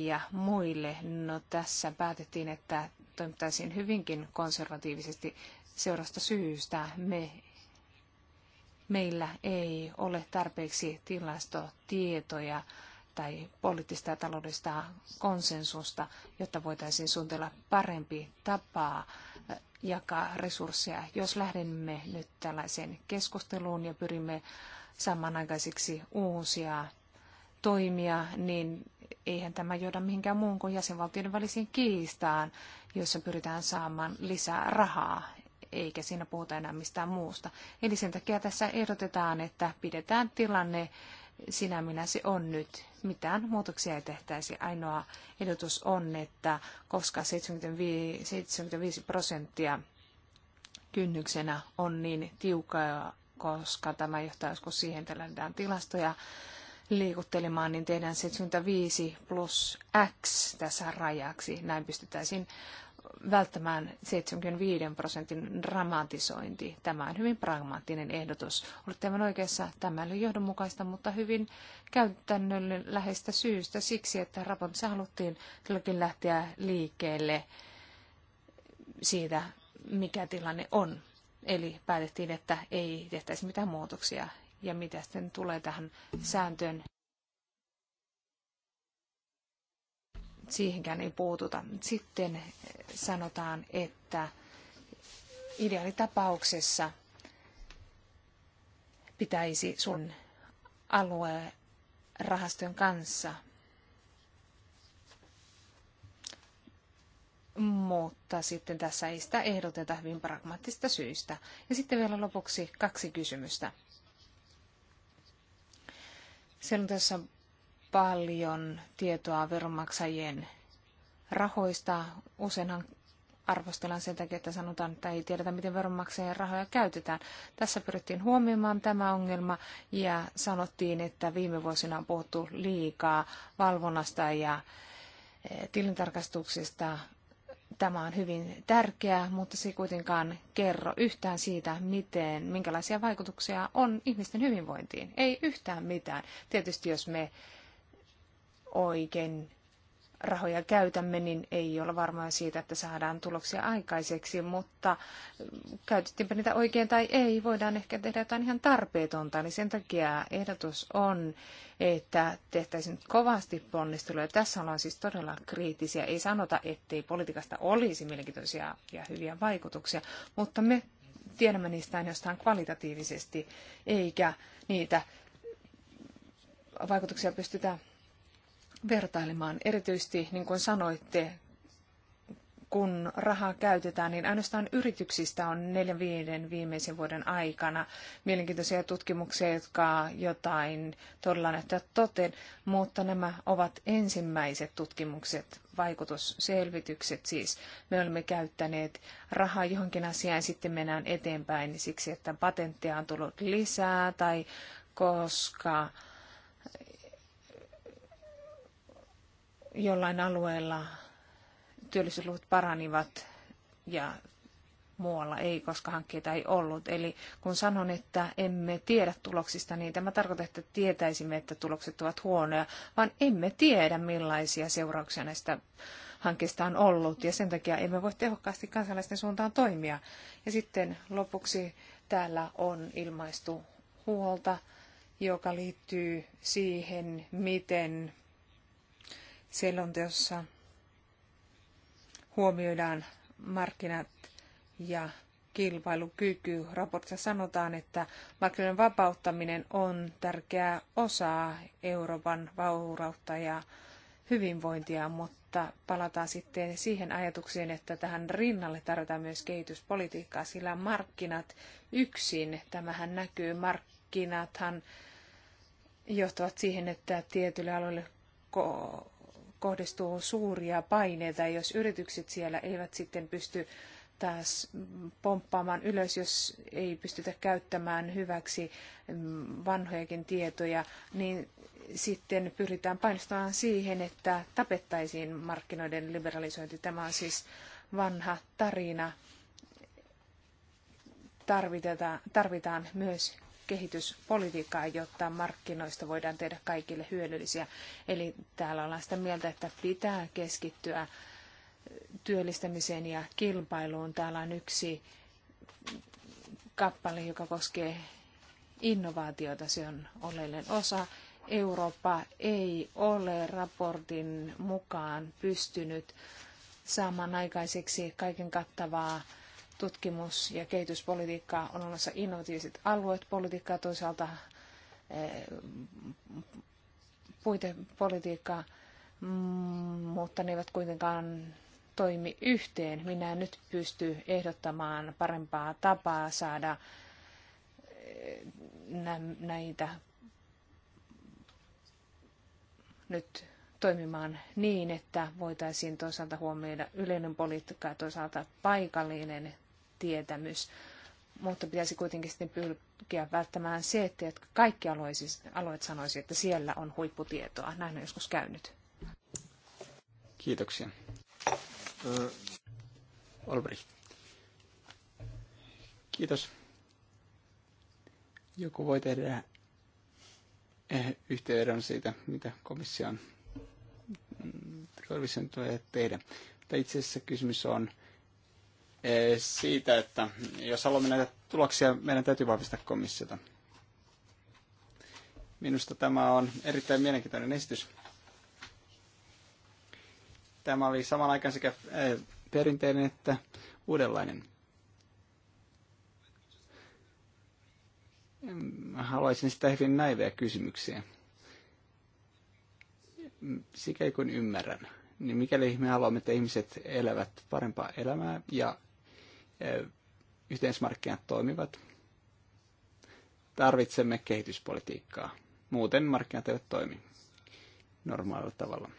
ja muille? No tässä päätettiin, että toimittaisiin hyvinkin konservatiivisesti seurasta syystä me, meillä ei ole tarpeeksi tilastotietoja tai poliittista ja taloudellista konsensusta, jotta voitaisiin suunnitella parempi tapa jakaa resursseja. Jos lähdemme nyt tällaiseen keskusteluun ja pyrimme samanaikaisiksi uusia toimia, niin eihän tämä johda mihinkään muun kuin jäsenvaltioiden välisiin kiistaan, jossa pyritään saamaan lisää rahaa eikä siinä puhuta enää mistään muusta. Eli sen takia tässä ehdotetaan, että pidetään tilanne sinä minä se on nyt. Mitään muutoksia ei tehtäisi. Ainoa ehdotus on, että koska 75, 75 prosenttia kynnyksenä on niin tiukka, koska tämä johtaa joskus siihen, että lähdetään tilastoja liikuttelemaan, niin tehdään 75 plus X tässä rajaksi. Näin pystyttäisiin välttämään 75 prosentin dramatisointi. Tämä on hyvin pragmaattinen ehdotus. Olette aivan oikeassa, tämä oli johdonmukaista, mutta hyvin käytännöllinen läheistä syystä siksi, että raportissa haluttiin todellakin lähteä liikkeelle siitä, mikä tilanne on. Eli päätettiin, että ei tehtäisi mitään muutoksia. Ja mitä sitten tulee tähän sääntöön siihenkään ei puututa. Sitten sanotaan, että ideaalitapauksessa pitäisi sun alue rahaston kanssa. Mutta sitten tässä ei sitä ehdoteta hyvin pragmaattista syistä. Ja sitten vielä lopuksi kaksi kysymystä. tässä paljon tietoa veronmaksajien rahoista. Useinhan arvostellaan sen takia, että sanotaan, että ei tiedetä, miten veronmaksajien rahoja käytetään. Tässä pyrittiin huomioimaan tämä ongelma ja sanottiin, että viime vuosina on puhuttu liikaa valvonnasta ja eh, tilintarkastuksista. Tämä on hyvin tärkeää, mutta se ei kuitenkaan kerro yhtään siitä, miten, minkälaisia vaikutuksia on ihmisten hyvinvointiin. Ei yhtään mitään. Tietysti jos me oikein rahoja käytämme, niin ei olla varmaa siitä, että saadaan tuloksia aikaiseksi, mutta käytettiinpä niitä oikein tai ei, voidaan ehkä tehdä jotain ihan tarpeetonta, niin sen takia ehdotus on, että tehtäisiin kovasti ponnisteluja. Tässä ollaan siis todella kriittisiä. Ei sanota, ettei politiikasta olisi mielenkiintoisia ja hyviä vaikutuksia, mutta me tiedämme niistä ainoastaan kvalitatiivisesti, eikä niitä vaikutuksia pystytä vertailemaan. Erityisesti, niin kuin sanoitte, kun rahaa käytetään, niin ainoastaan yrityksistä on neljän viiden viimeisen vuoden aikana mielenkiintoisia tutkimuksia, jotka jotain todella näyttää toteen, mutta nämä ovat ensimmäiset tutkimukset, vaikutusselvitykset siis. Me olemme käyttäneet rahaa johonkin asiaan sitten mennään eteenpäin siksi, että patentteja on tullut lisää tai koska jollain alueella työllisyysluvut paranivat ja muualla ei, koska hankkeita ei ollut. Eli kun sanon, että emme tiedä tuloksista, niin tämä tarkoittaa, että tietäisimme, että tulokset ovat huonoja, vaan emme tiedä, millaisia seurauksia näistä hankkeista on ollut, ja sen takia emme voi tehokkaasti kansalaisten suuntaan toimia. Ja sitten lopuksi täällä on ilmaistu huolta, joka liittyy siihen, miten selonteossa huomioidaan markkinat ja kilpailukyky. Raportissa sanotaan, että markkinoiden vapauttaminen on tärkeä osa Euroopan vaurautta ja hyvinvointia, mutta palataan sitten siihen ajatukseen, että tähän rinnalle tarvitaan myös kehityspolitiikkaa, sillä markkinat yksin, tämähän näkyy, markkinathan johtavat siihen, että tietyille aloille kohdistuu suuria paineita, jos yritykset siellä eivät sitten pysty taas pomppaamaan ylös, jos ei pystytä käyttämään hyväksi mm, vanhojakin tietoja, niin sitten pyritään painostamaan siihen, että tapettaisiin markkinoiden liberalisointi. Tämä on siis vanha tarina. Tarvitaan, tarvitaan myös kehityspolitiikkaa, jotta markkinoista voidaan tehdä kaikille hyödyllisiä. Eli täällä ollaan sitä mieltä, että pitää keskittyä työllistämiseen ja kilpailuun. Täällä on yksi kappale, joka koskee innovaatiota. Se on oleellinen osa. Eurooppa ei ole raportin mukaan pystynyt saamaan aikaiseksi kaiken kattavaa tutkimus- ja kehityspolitiikkaa, on olemassa innovatiiviset alueet politiikkaa, toisaalta eh, puitepolitiikkaa, mm, mutta ne eivät kuitenkaan toimi yhteen. Minä en nyt pysty ehdottamaan parempaa tapaa saada eh, näitä nyt toimimaan niin, että voitaisiin toisaalta huomioida yleinen politiikka ja toisaalta paikallinen tietämys. Mutta pitäisi kuitenkin sitten pyrkiä välttämään se, että kaikki alueet sanoisi, että siellä on huipputietoa. Näin on joskus käynyt. Kiitoksia. Olbrich. Kiitos. Joku voi tehdä eh, yhteyden siitä, mitä komissio on komission mm, tulee tehdä. itse asiassa kysymys on Eh, siitä, että jos haluamme näitä tuloksia, meidän täytyy vahvistaa komissiota. Minusta tämä on erittäin mielenkiintoinen esitys. Tämä oli saman aikaan sekä eh, perinteinen että uudenlainen. Haluaisin sitä hyvin näivejä kysymyksiä. Sikäli kun ymmärrän, niin mikäli me haluamme, että ihmiset elävät parempaa elämää ja yhteismarkkinat toimivat. Tarvitsemme kehityspolitiikkaa. Muuten markkinat eivät toimi normaalilla tavalla.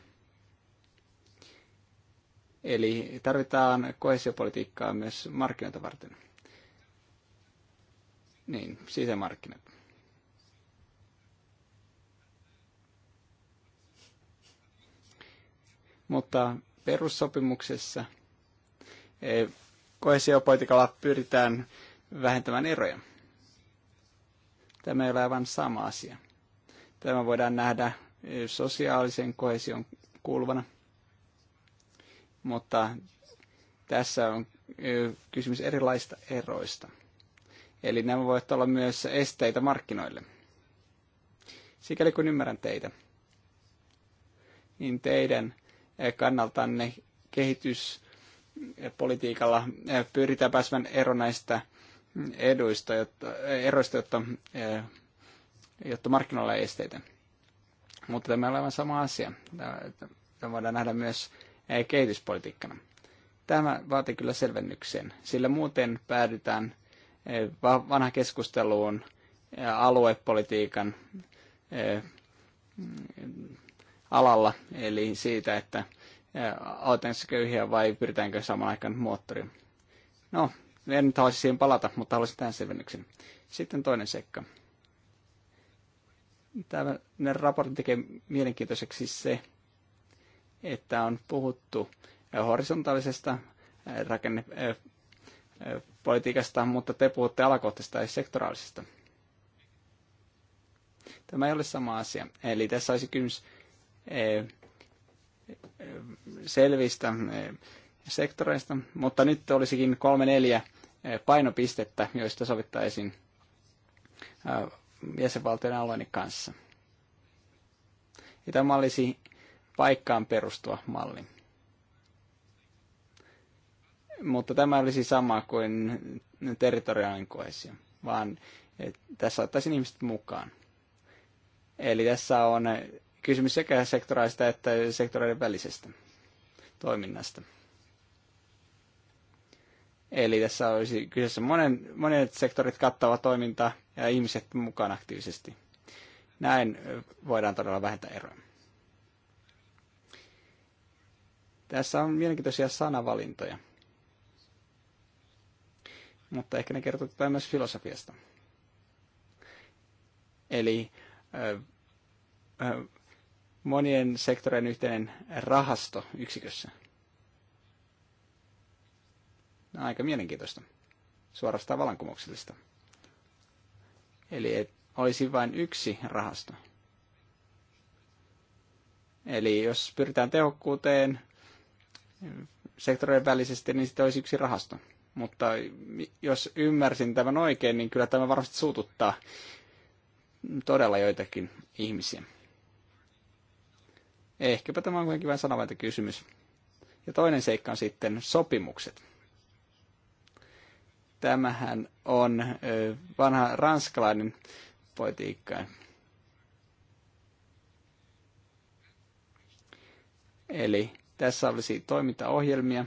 Eli tarvitaan kohesiopolitiikkaa myös markkinoita varten. Niin, sisämarkkinat. Mutta perussopimuksessa eh, koesiopoitikalla pyritään vähentämään eroja. Tämä ei ole aivan sama asia. Tämä voidaan nähdä sosiaalisen koesion kuuluvana, mutta tässä on kysymys erilaista eroista. Eli nämä voivat olla myös esteitä markkinoille. Sikäli kun ymmärrän teitä, niin teidän kannaltanne kehitys politiikalla pyritään pääsemään ero näistä eduista, jotta, eroista, jotta, jotta markkinoilla ei esteitä. Mutta tämä on aivan sama asia. Tämä voidaan nähdä myös kehityspolitiikkana. Tämä vaatii kyllä selvennyksen, sillä muuten päädytään e, vanha keskusteluun e, aluepolitiikan e, mm, alalla, eli siitä, että – autenssiköyhiä vai pyritäänkö samaan aikaan moottoriin. No, en nyt haluaisi siihen palata, mutta haluaisin tähän selvennyksen. Sitten toinen seikka. Tämä raportti tekee mielenkiintoiseksi se, että on puhuttu eh, horisontaalisesta eh, rakennepolitiikasta, eh, mutta te puhutte alakohtaisesta ja sektoraalisesta. Tämä ei ole sama asia. Eli tässä olisi kysymys selvistä eh, sektoreista, mutta nyt olisikin kolme neljä eh, painopistettä, joista sovittaisiin eh, jäsenvaltion alueen kanssa. Ja tämä olisi paikkaan perustua malli. Mutta tämä olisi sama kuin territoriaalinen koesio, vaan tässä ottaisin ihmiset mukaan. Eli tässä on kysymys sekä sektoraista että sektoreiden välisestä toiminnasta. Eli tässä olisi kyseessä monen, monet sektorit kattava toiminta ja ihmiset mukaan aktiivisesti. Näin voidaan todella vähentää eroja. Tässä on mielenkiintoisia sanavalintoja. Mutta ehkä ne kertovat jotain myös filosofiasta. Eli monien sektoreiden yhteinen rahasto yksikössä. Aika mielenkiintoista. Suorastaan valankumouksellista. Eli et olisi vain yksi rahasto. Eli jos pyritään tehokkuuteen sektoreiden välisesti, niin sitten olisi yksi rahasto. Mutta jos ymmärsin tämän oikein, niin kyllä tämä varmasti suututtaa todella joitakin ihmisiä. Ehkäpä tämä on kuitenkin vähän sanavainta kysymys. Ja toinen seikka on sitten sopimukset. Tämähän on vanha ranskalainen politiikka. Eli tässä olisi toimintaohjelmia,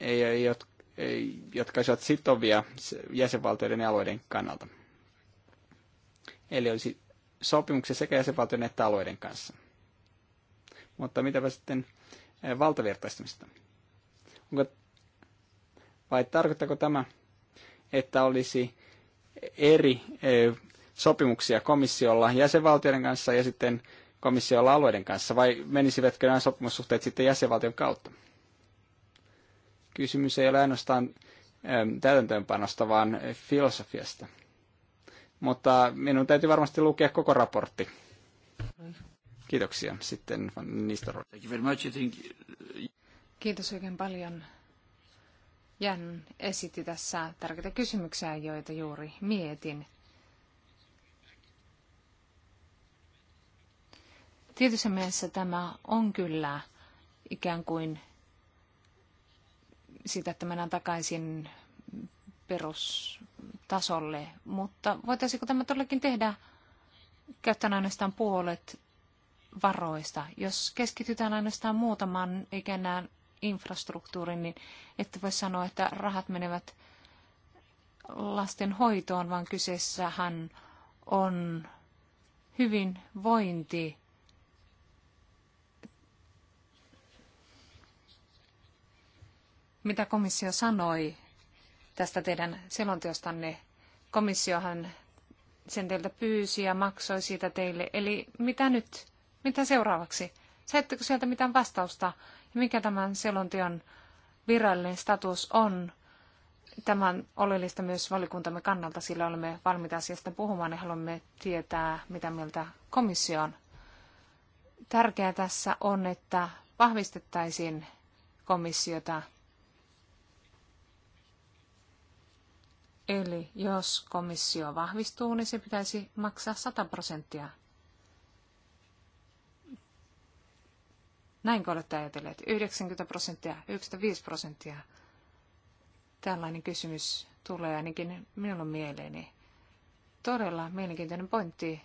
e, e, jotka olisivat sitovia jäsenvaltioiden ja alueiden kannalta. Eli olisi sopimuksia sekä jäsenvaltioiden että alueiden kanssa. Mutta mitäpä sitten eh, valtavirtaistamista? Onko, vai tarkoittaako tämä, että olisi eri eh, sopimuksia komissiolla jäsenvaltioiden kanssa ja sitten komissiolla alueiden kanssa, vai menisivätkö nämä sopimussuhteet sitten jäsenvaltion kautta? Kysymys ei ole ainoastaan eh, täytäntöönpanosta, vaan filosofiasta. Mutta minun täytyy varmasti lukea koko raportti. Kiitoksia. Sitten Van Nistelrooy. Uh, Kiitos oikein paljon. Jan esitti tässä tärkeitä kysymyksiä, joita juuri mietin. Tietyssä mielessä tämä on kyllä ikään kuin sitä, että mennään takaisin perustasolle, mutta voitaisiinko tämä todellakin tehdä, käyttäen ainoastaan puolet varoista. Jos keskitytään ainoastaan muutamaan ikänään infrastruktuuriin, niin ette voi sanoa, että rahat menevät lasten hoitoon, vaan kyseessähän on hyvinvointi. Mitä komissio sanoi tästä teidän selonteostanne? Komissiohan sen teiltä pyysi ja maksoi siitä teille. Eli mitä nyt mitä seuraavaksi? Saitteko sieltä mitään vastausta? Ja mikä tämän selonteon virallinen status on? Tämä on oleellista myös valikuntamme kannalta, sillä olemme valmiita asiasta puhumaan ja haluamme tietää, mitä mieltä komissio on. Tärkeää tässä on, että vahvistettaisiin komissiota. Eli jos komissio vahvistuu, niin se pitäisi maksaa 100 prosenttia Näinkö olette ajatelleet? 90 prosenttia, 95 prosenttia. Tällainen kysymys tulee ainakin minun mieleeni. Todella mielenkiintoinen pointti.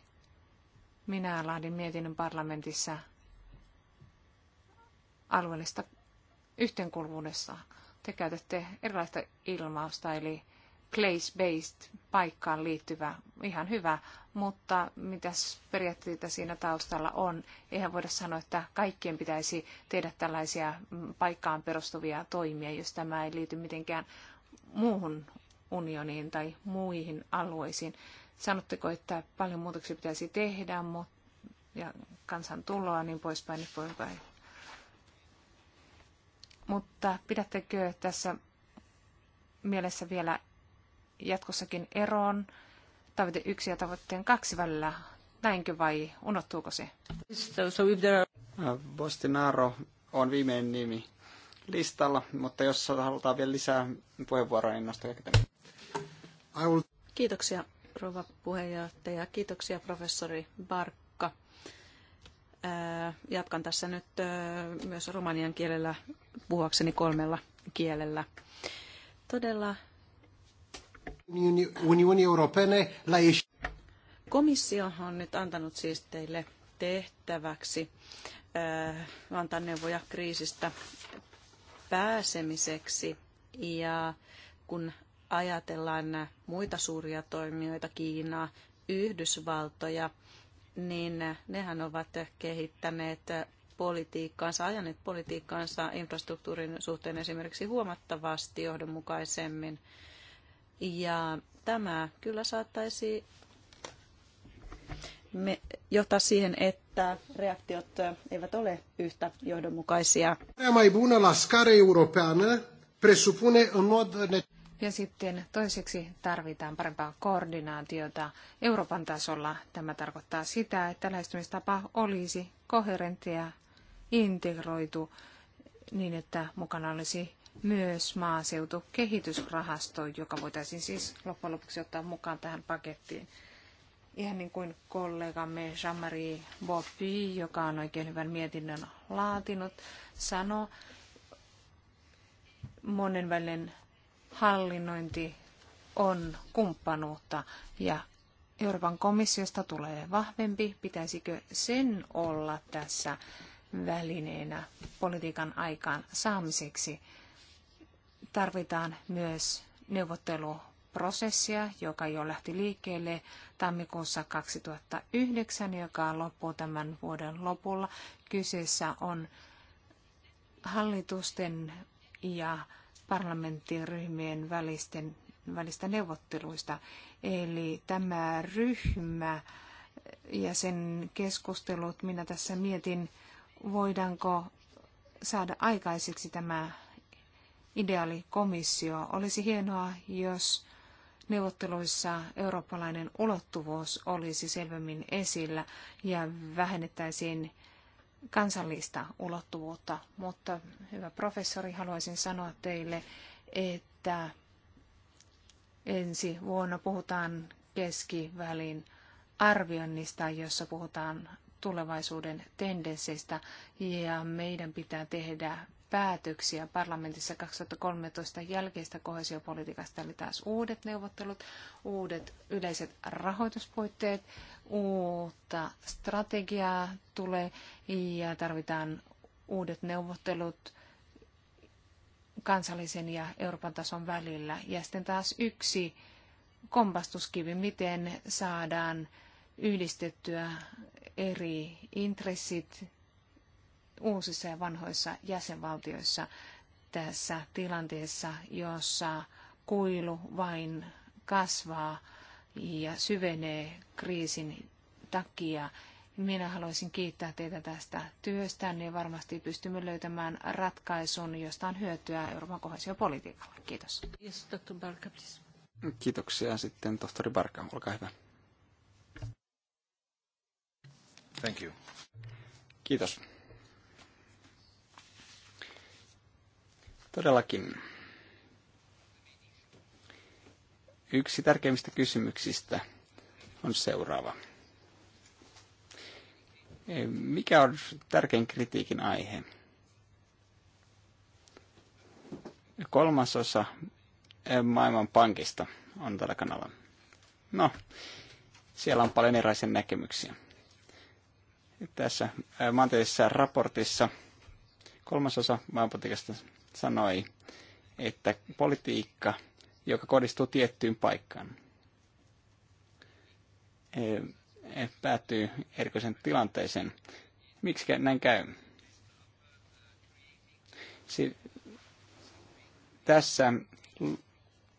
Minä laadin mietinnön parlamentissa alueellista yhteenkuuluvuudessa. Te käytätte erilaista ilmausta, eli place-based paikkaan liittyvä, ihan hyvä, mutta mitä periaatteita siinä taustalla on? Eihän voida sanoa, että kaikkien pitäisi tehdä tällaisia mm, paikkaan perustuvia toimia, jos tämä ei liity mitenkään muuhun unioniin tai muihin alueisiin. Sanotteko, että paljon muutoksia pitäisi tehdä, mutta ja kansan tuloa niin poispäin, niin poispäin. Mutta pidättekö tässä mielessä vielä jatkossakin eroon tavoite yksi ja tavoitteen kaksi välillä? Näinkö vai unohtuuko se? So, so if there are... Bostinaro on viimeinen nimi listalla, mutta jos halutaan vielä lisää puheenvuoroa, niin nostakaa Will... Kiitoksia rouva puheenjohtaja. Kiitoksia professori Barkka. Jatkan tässä nyt myös romanian kielellä puhuakseni kolmella kielellä. Todella Unioni Europene la Komissio on nyt antanut siis teille tehtäväksi äh, antaa neuvoja kriisistä pääsemiseksi. Ja kun ajatellaan muita suuria toimijoita, Kiinaa, Yhdysvaltoja, niin nehän ovat kehittäneet politiikkaansa, ajaneet politiikkaansa infrastruktuurin suhteen esimerkiksi huomattavasti johdonmukaisemmin ja tämä kyllä saattaisi me johtaa siihen, että reaktiot eivät ole yhtä johdonmukaisia. Ja sitten toiseksi tarvitaan parempaa koordinaatiota Euroopan tasolla. Tämä tarkoittaa sitä, että lähestymistapa olisi koherentti ja integroitu niin, että mukana olisi myös maaseutukehitysrahasto, joka voitaisiin siis loppujen lopuksi ottaa mukaan tähän pakettiin. Ihan niin kuin kollegamme Jean-Marie Boppi, joka on oikein hyvän mietinnön laatinut, sanoi, monenvälinen hallinnointi on kumppanuutta ja Euroopan komissiosta tulee vahvempi. Pitäisikö sen olla tässä välineenä politiikan aikaan saamiseksi? tarvitaan myös neuvotteluprosessia, joka jo lähti liikkeelle tammikuussa 2009, joka loppuu tämän vuoden lopulla. Kyseessä on hallitusten ja parlamenttiryhmien välisten, välistä neuvotteluista. Eli tämä ryhmä ja sen keskustelut, minä tässä mietin, voidaanko saada aikaiseksi tämä ideaalikomissio. komissio. Olisi hienoa, jos neuvotteluissa eurooppalainen ulottuvuus olisi selvemmin esillä ja vähennettäisiin kansallista ulottuvuutta. Mutta hyvä professori, haluaisin sanoa teille, että ensi vuonna puhutaan keskivälin arvioinnista, jossa puhutaan tulevaisuuden tendensseistä ja meidän pitää tehdä päätöksiä parlamentissa 2013 jälkeistä kohesiopolitiikasta, eli taas uudet neuvottelut, uudet yleiset rahoituspuitteet, uutta strategiaa tulee ja tarvitaan uudet neuvottelut kansallisen ja Euroopan tason välillä. Ja sitten taas yksi kompastuskivi, miten saadaan yhdistettyä eri intressit uusissa ja vanhoissa jäsenvaltioissa tässä tilanteessa, jossa kuilu vain kasvaa ja syvenee kriisin takia. Minä haluaisin kiittää teitä tästä työstä, niin varmasti pystymme löytämään ratkaisun, josta on hyötyä Euroopan kohesiopolitiikalle. Kiitos. Kiitoksia. Sitten tohtori Barka, olkaa hyvä. Thank you. Kiitos. Todellakin. Yksi tärkeimmistä kysymyksistä on seuraava. Mikä on tärkein kritiikin aihe? Kolmasosa eh, maailman pankista on tällä kanavalla. No, siellä on paljon erilaisia näkemyksiä. Tässä eh, maantieteellisessä raportissa kolmasosa maailmanpankista sanoi, että politiikka, joka kohdistuu tiettyyn paikkaan, e, e, päätyy erikoisen tilanteeseen. Miksi näin käy? Si- tässä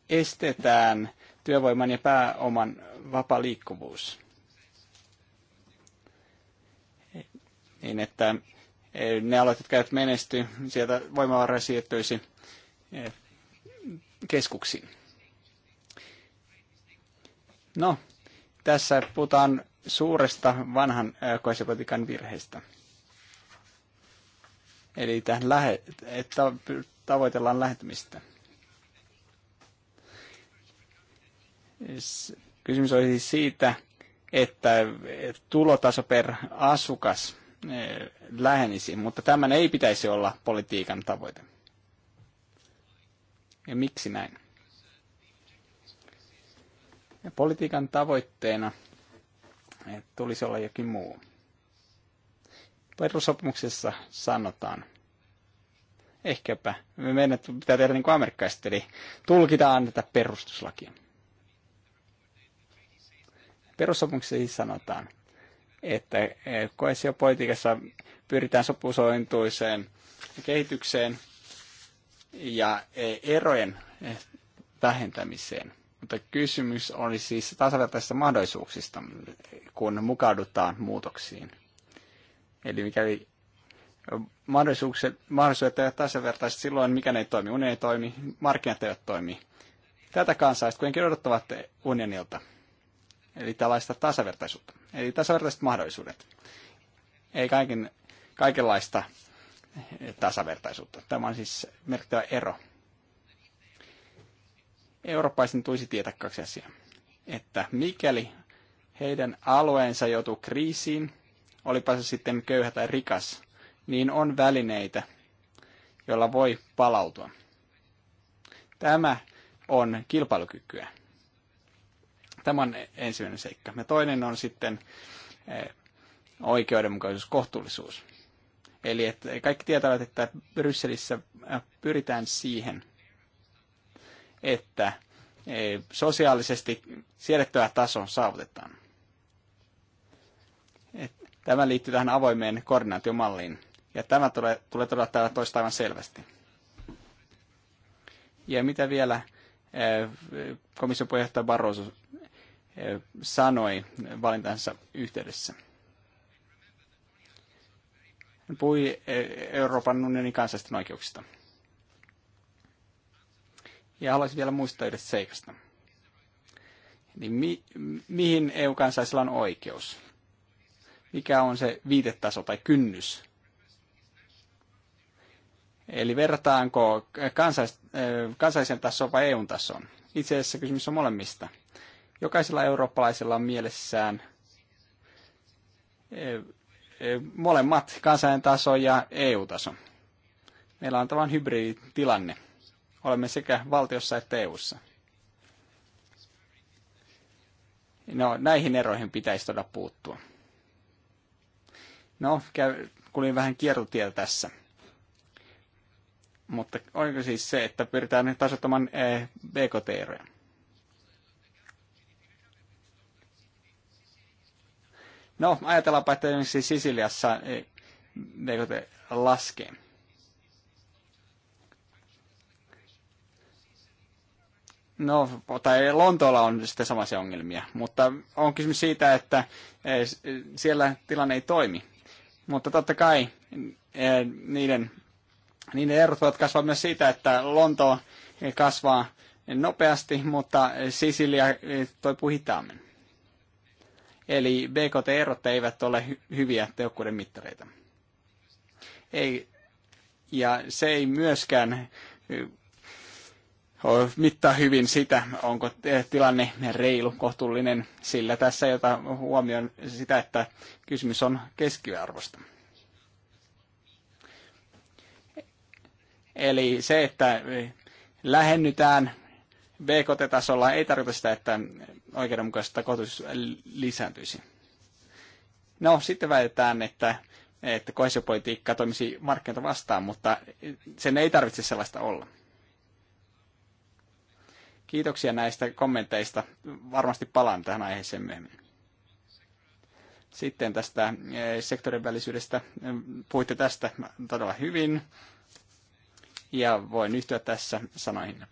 estetään työvoiman ja pääoman vapaa liikkuvuus. Niin, että ne alueet, jotka eivät menesty, sieltä voimavaroja siirtyisi eh, keskuksiin. No, tässä puhutaan suuresta vanhan eh, koesepotikan virheestä. Eli tähän lähe, että tavoitellaan lähettämistä. Kysymys olisi siitä, että tulotaso per asukas Äh, lähenisi, mutta tämän ei pitäisi olla politiikan tavoite. Ja miksi näin? Ja politiikan tavoitteena eh, tulisi olla jokin muu. Perussopimuksessa sanotaan, ehkäpä meidän pitää tehdä niin kuin eli tulkitaan tätä perustuslakia. Perussopimuksessa siis sanotaan, että koesiopolitiikassa pyritään sopusointuiseen kehitykseen ja erojen vähentämiseen. Mutta kysymys oli siis tasavertaisista mahdollisuuksista, kun mukaudutaan muutoksiin. Eli mikäli mahdollisuudet, mahdollisuudet eivät tasavertaiset silloin, mikä ne ei toimi, unioni ei toimi, markkinat eivät toimi. Tätä kansalaiset kuitenkin odottavat unionilta. Eli tällaista tasavertaisuutta. Eli tasavertaiset mahdollisuudet. Ei kaiken, kaikenlaista tasavertaisuutta. Tämä on siis merkittävä ero. Eurooppaisen tulisi tietää kaksi asiaa. Että mikäli heidän alueensa joutuu kriisiin, olipa se sitten köyhä tai rikas, niin on välineitä, joilla voi palautua. Tämä on kilpailukykyä. Tämä on ensimmäinen seikka. Ja toinen on sitten eh, oikeudenmukaisuus, kohtuullisuus. Eli että kaikki tietävät, että Brysselissä eh, pyritään siihen, että eh, sosiaalisesti siedettävä taso saavutetaan. Tämä liittyy tähän avoimeen koordinaatiomalliin. Ja tämä tulee, tulee todella täällä toista aivan selvästi. Ja mitä vielä komission puheenjohtaja Barroso sanoi valintansa yhteydessä. Hän puhui e- Euroopan unionin kansallisten oikeuksista. Ja haluaisin vielä muistaa yhdestä seikasta. Niin mi- mihin EU-kansalaisilla on oikeus? Mikä on se viitetaso tai kynnys? Eli verrataanko kansais- e- kansalliseen tasoon vai eu tasoon? Itse asiassa kysymys on molemmista jokaisella eurooppalaisella on mielessään eh, eh, molemmat kansainvälinen taso ja EU-taso. Meillä on tavan hybriditilanne. Olemme sekä valtiossa että EU:ssa. No, näihin eroihin pitäisi todella puuttua. No, kulin vähän kiertotiellä tässä. Mutta oliko siis se, että pyritään tasoittamaan eh, BKT-eroja? No, ajatellaanpa, että esimerkiksi Sisiliassa BKT eh, laskee. No, tai Lontoolla on sitten samaisia ongelmia, mutta on kysymys siitä, että eh, siellä tilanne ei toimi. Mutta totta kai eh, niiden, niiden erot voivat kasvaa myös siitä, että Lontoa kasvaa nopeasti, mutta Sisilia toipuu hitaammin. Eli BKT-erot eivät ole hy- hyviä tehokkuuden mittareita. Ei, ja se ei myöskään mittaa hyvin sitä, onko tilanne reilu, kohtuullinen, sillä tässä jota huomioon sitä, että kysymys on keskiarvosta. Eli se, että lähennytään BKT-tasolla, ei tarkoita sitä, että oikeudenmukaisesta koulutus lisääntyisi. No, sitten väitetään, että, että koesiopolitiikka toimisi markkinoita vastaan, mutta sen ei tarvitse sellaista olla. Kiitoksia näistä kommenteista. Varmasti palaan tähän aiheeseen myöhemmin. Sitten tästä eh, sektorin välisyydestä. Puhuitte tästä todella hyvin ja voin yhtyä tässä sanoihin.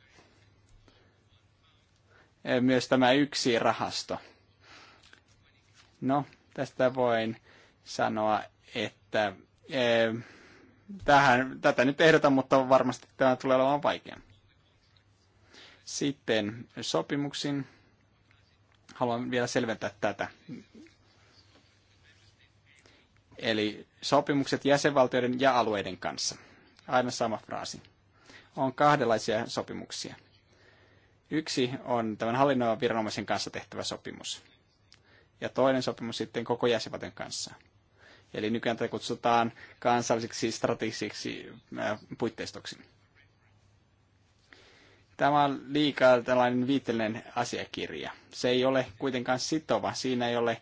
Eh, myös tämä yksi rahasto. No, tästä voin sanoa, että eh, tähän, tätä nyt ehdotan, mutta varmasti tämä tulee olemaan vaikea. Sitten sopimuksin. Haluan vielä selventää tätä. Eli sopimukset jäsenvaltioiden ja alueiden kanssa. Aina sama fraasi. On kahdenlaisia sopimuksia – Yksi on tämän hallinnoivan viranomaisen kanssa tehtävä sopimus. Ja toinen sopimus sitten koko jäsenvaltion kanssa. Eli nykyään tätä kutsutaan kansalliseksi strategisiksi äh, puitteistoksi. Tämä on liikaa tällainen viitellinen asiakirja. Se ei ole kuitenkaan sitova. Siinä ei ole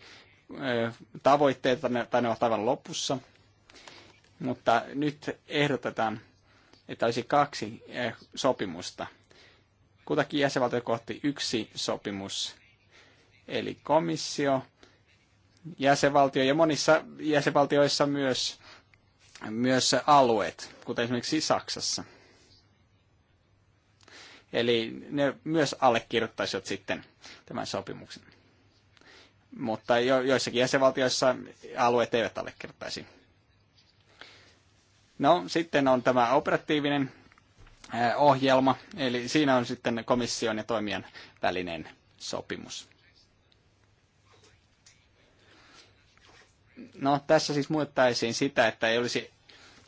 äh, tavoitteita, tai ne ovat aivan lopussa. Mutta nyt ehdotetaan, että olisi kaksi äh, sopimusta – kutakin jäsenvaltio kohti yksi sopimus. Eli komissio, jäsenvaltio ja monissa jäsenvaltioissa myös, myös alueet, kuten esimerkiksi Saksassa. Eli ne myös allekirjoittaisivat sitten tämän sopimuksen. Mutta jo, joissakin jäsenvaltioissa alueet eivät allekirjoittaisi. No, sitten on tämä operatiivinen ohjelma, eli siinä on sitten komission ja toimijan välinen sopimus. No, tässä siis muuttaisiin sitä, että ei olisi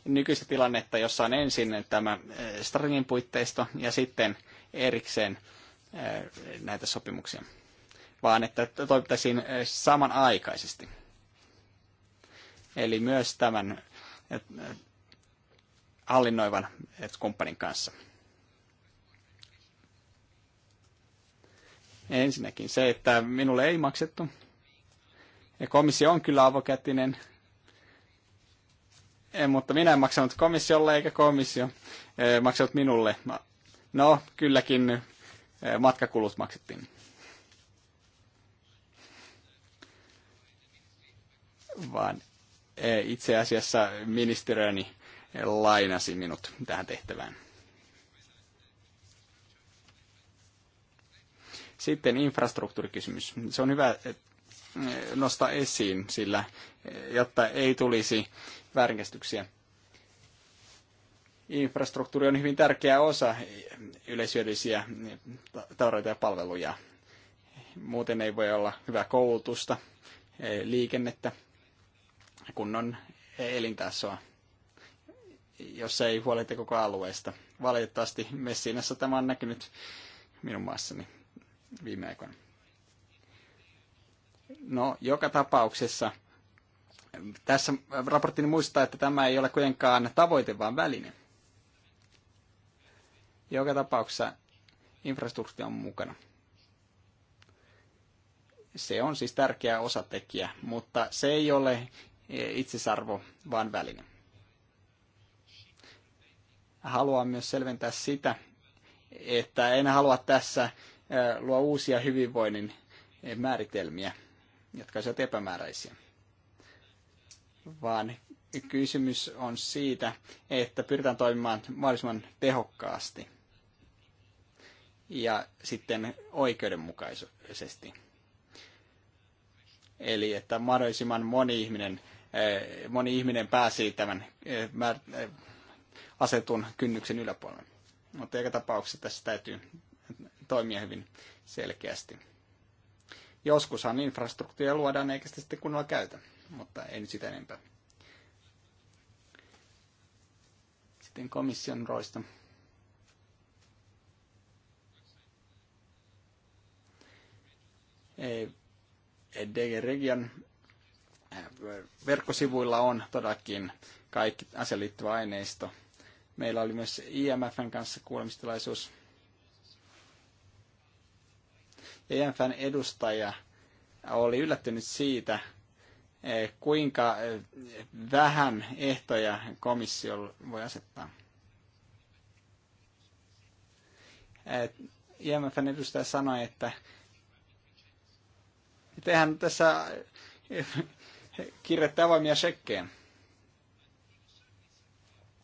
nykyistä tilannetta, jossa on ensin tämä stringin puitteisto ja sitten erikseen näitä sopimuksia, vaan että toimittaisiin samanaikaisesti. Eli myös tämän hallinnoivan kumppanin kanssa. Ensinnäkin se, että minulle ei maksettu. Ja komissio on kyllä avokätinen, en, eh, mutta minä en maksanut komissiolle eikä komissio eh, maksanut minulle. No, kylläkin eh, matkakulut maksettiin. Vaan itse asiassa ministeriöni lainasi minut tähän tehtävään. Sitten infrastruktuurikysymys. Se on hyvä eh, nostaa esiin, sillä eh, jotta ei tulisi väärinkäsityksiä. Infrastruktuuri on hyvin tärkeä osa eh, yleisyydellisiä tavaroita ja palveluja. Muuten ei voi olla hyvää koulutusta, liikennettä, kunnon elintasoa jos ei huolehdita koko alueesta. Valitettavasti Messinassa tämä on näkynyt minun maassani viime aikoina. No, joka tapauksessa tässä raporttini muistaa, että tämä ei ole kuitenkaan tavoite, vaan väline. Joka tapauksessa infrastruktuuri on mukana. Se on siis tärkeä osatekijä, mutta se ei ole itsesarvo, vaan väline haluan myös selventää sitä, että en halua tässä luo uusia hyvinvoinnin määritelmiä, jotka ovat epämääräisiä, vaan kysymys on siitä, että pyritään toimimaan mahdollisimman tehokkaasti ja sitten oikeudenmukaisesti. Eli että mahdollisimman moni ihminen, moni ihminen pääsee tämän asetun kynnyksen yläpuolelle. Mutta joka tapauksessa tässä täytyy toimia hyvin selkeästi. Joskushan infrastruktuuria luodaan eikä sitä sitten kunnolla käytä, mutta ei nyt sitä enempää. Sitten komission roista. DG Region verkkosivuilla on todellakin kaikki asiaan liittyvä aineisto – Meillä oli myös IMFn kanssa kuulemistilaisuus. Ja IMFn edustaja oli yllättynyt siitä, eh, kuinka eh, vähän ehtoja komissio voi asettaa. Eh, IMFn edustaja sanoi, että tehän tässä kirjoittaa avoimia shekkejä.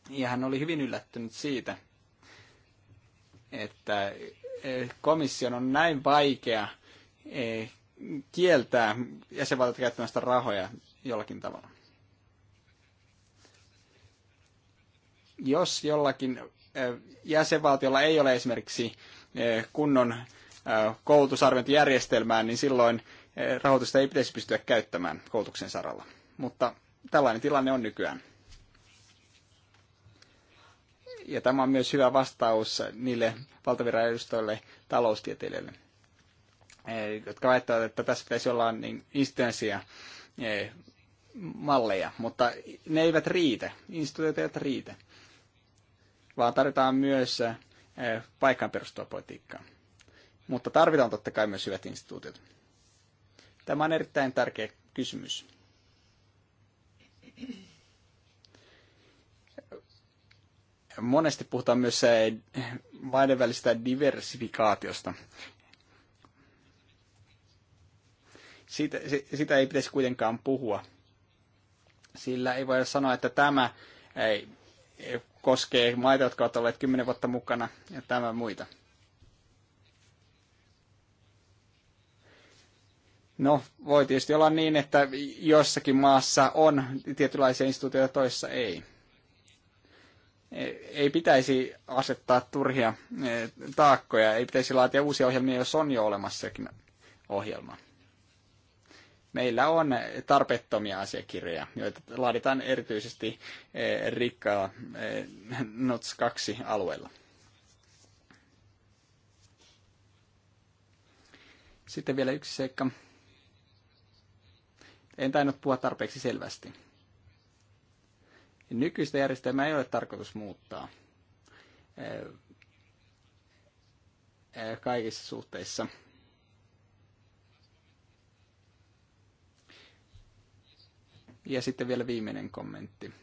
Ja hän oli hyvin yllättynyt siitä, että eh, komission on näin vaikea eh, kieltää jäsenvaltiot käyttämästä rahoja jollakin tavalla. Jos jollakin eh, jäsenvaltiolla ei ole esimerkiksi kunnon koulutusarviointijärjestelmää, niin silloin rahoitusta ei pitäisi pystyä käyttämään koulutuksen saralla. Mutta tällainen tilanne on nykyään ja tämä on myös hyvä vastaus niille valtaviran edustajille taloustieteilijöille, eh, jotka väittävät, että tässä pitäisi olla niin instanssiä eh, malleja, mutta ne eivät riitä, instituutiot eivät riitä, vaan tarvitaan myös eh, paikkaan perustuvaa politiikkaa. Mutta tarvitaan totta kai myös hyvät instituutiot. Tämä on erittäin tärkeä kysymys. monesti puhutaan myös eh, maiden välistä diversifikaatiosta. Siitä, sitä ei pitäisi kuitenkaan puhua. Sillä ei voida sanoa, että tämä ei, koskee maita, jotka ovat olleet kymmenen vuotta mukana ja tämä muita. No, voi tietysti olla niin, että jossakin maassa on tietynlaisia instituutioita, toissa ei ei pitäisi asettaa turhia eh, taakkoja, ei pitäisi laatia uusia ohjelmia, jos on jo olemassakin ohjelma. Meillä on tarpeettomia asiakirjoja, joita laaditaan erityisesti eh, rikkaa eh, NOTS 2 alueella. Sitten vielä yksi seikka. En tainnut puhua tarpeeksi selvästi. Nykyistä järjestelmää ei ole tarkoitus muuttaa eh, eh, kaikissa suhteissa. Ja sitten vielä viimeinen kommentti.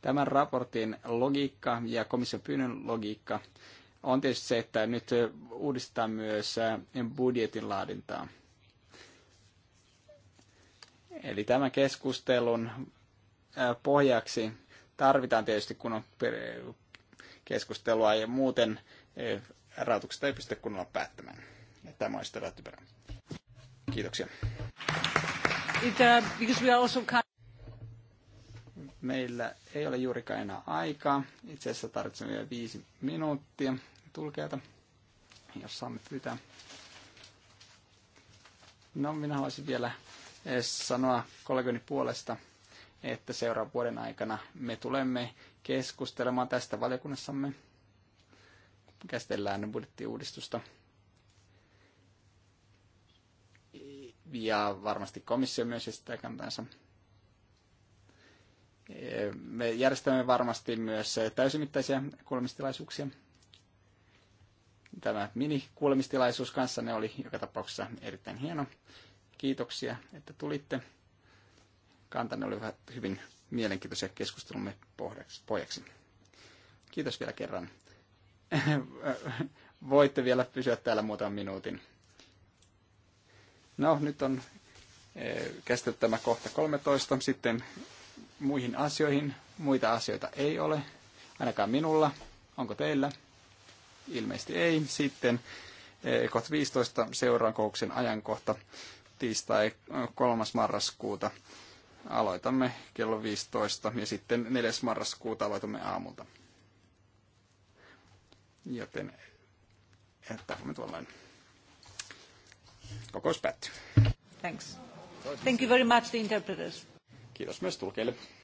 Tämän raportin logiikka ja komission pyynnön logiikka on tietysti se, että nyt uudistetaan myös eh, budjetin laadintaa. Eli tämän keskustelun pohjaksi tarvitaan tietysti kunnon keskustelua ja muuten rahoituksesta ei pystytä kunnolla päättämään. tämä olisi todella typerä. Kiitoksia. It, uh, also... Meillä ei ole juurikaan enää aikaa. Itse asiassa tarvitsemme vielä viisi minuuttia tulkeata, jos saamme pyytää. No, minä haluaisin vielä eh, sanoa kollegani puolesta että seuraavan vuoden aikana me tulemme keskustelemaan tästä valiokunnassamme. Käsitellään budjettiuudistusta. Ja varmasti komissio myös esittää kantansa. Me järjestämme varmasti myös täysimittaisia kuulemistilaisuuksia. Tämä mini-kuulemistilaisuus ne oli joka tapauksessa erittäin hieno. Kiitoksia, että tulitte kantanne oli hyvin mielenkiintoisia keskustelumme pohjaksi. Kiitos vielä kerran. Voitte vielä pysyä täällä muutaman minuutin. No, nyt on eh, käsitelty tämä kohta 13. Sitten muihin asioihin. Muita asioita ei ole, ainakaan minulla. Onko teillä? Ilmeisesti ei. Sitten eh, kohta 15 seuraan kokouksen ajankohta tiistai 3. Eh, marraskuuta Aloitamme kello 15 ja sitten 4. marraskuuta aloitamme aamulta. Joten jättääkö me tuollainen. Kokous päättyy. Thanks. Thank you very much the interpreters. Kiitos myös tulkeille.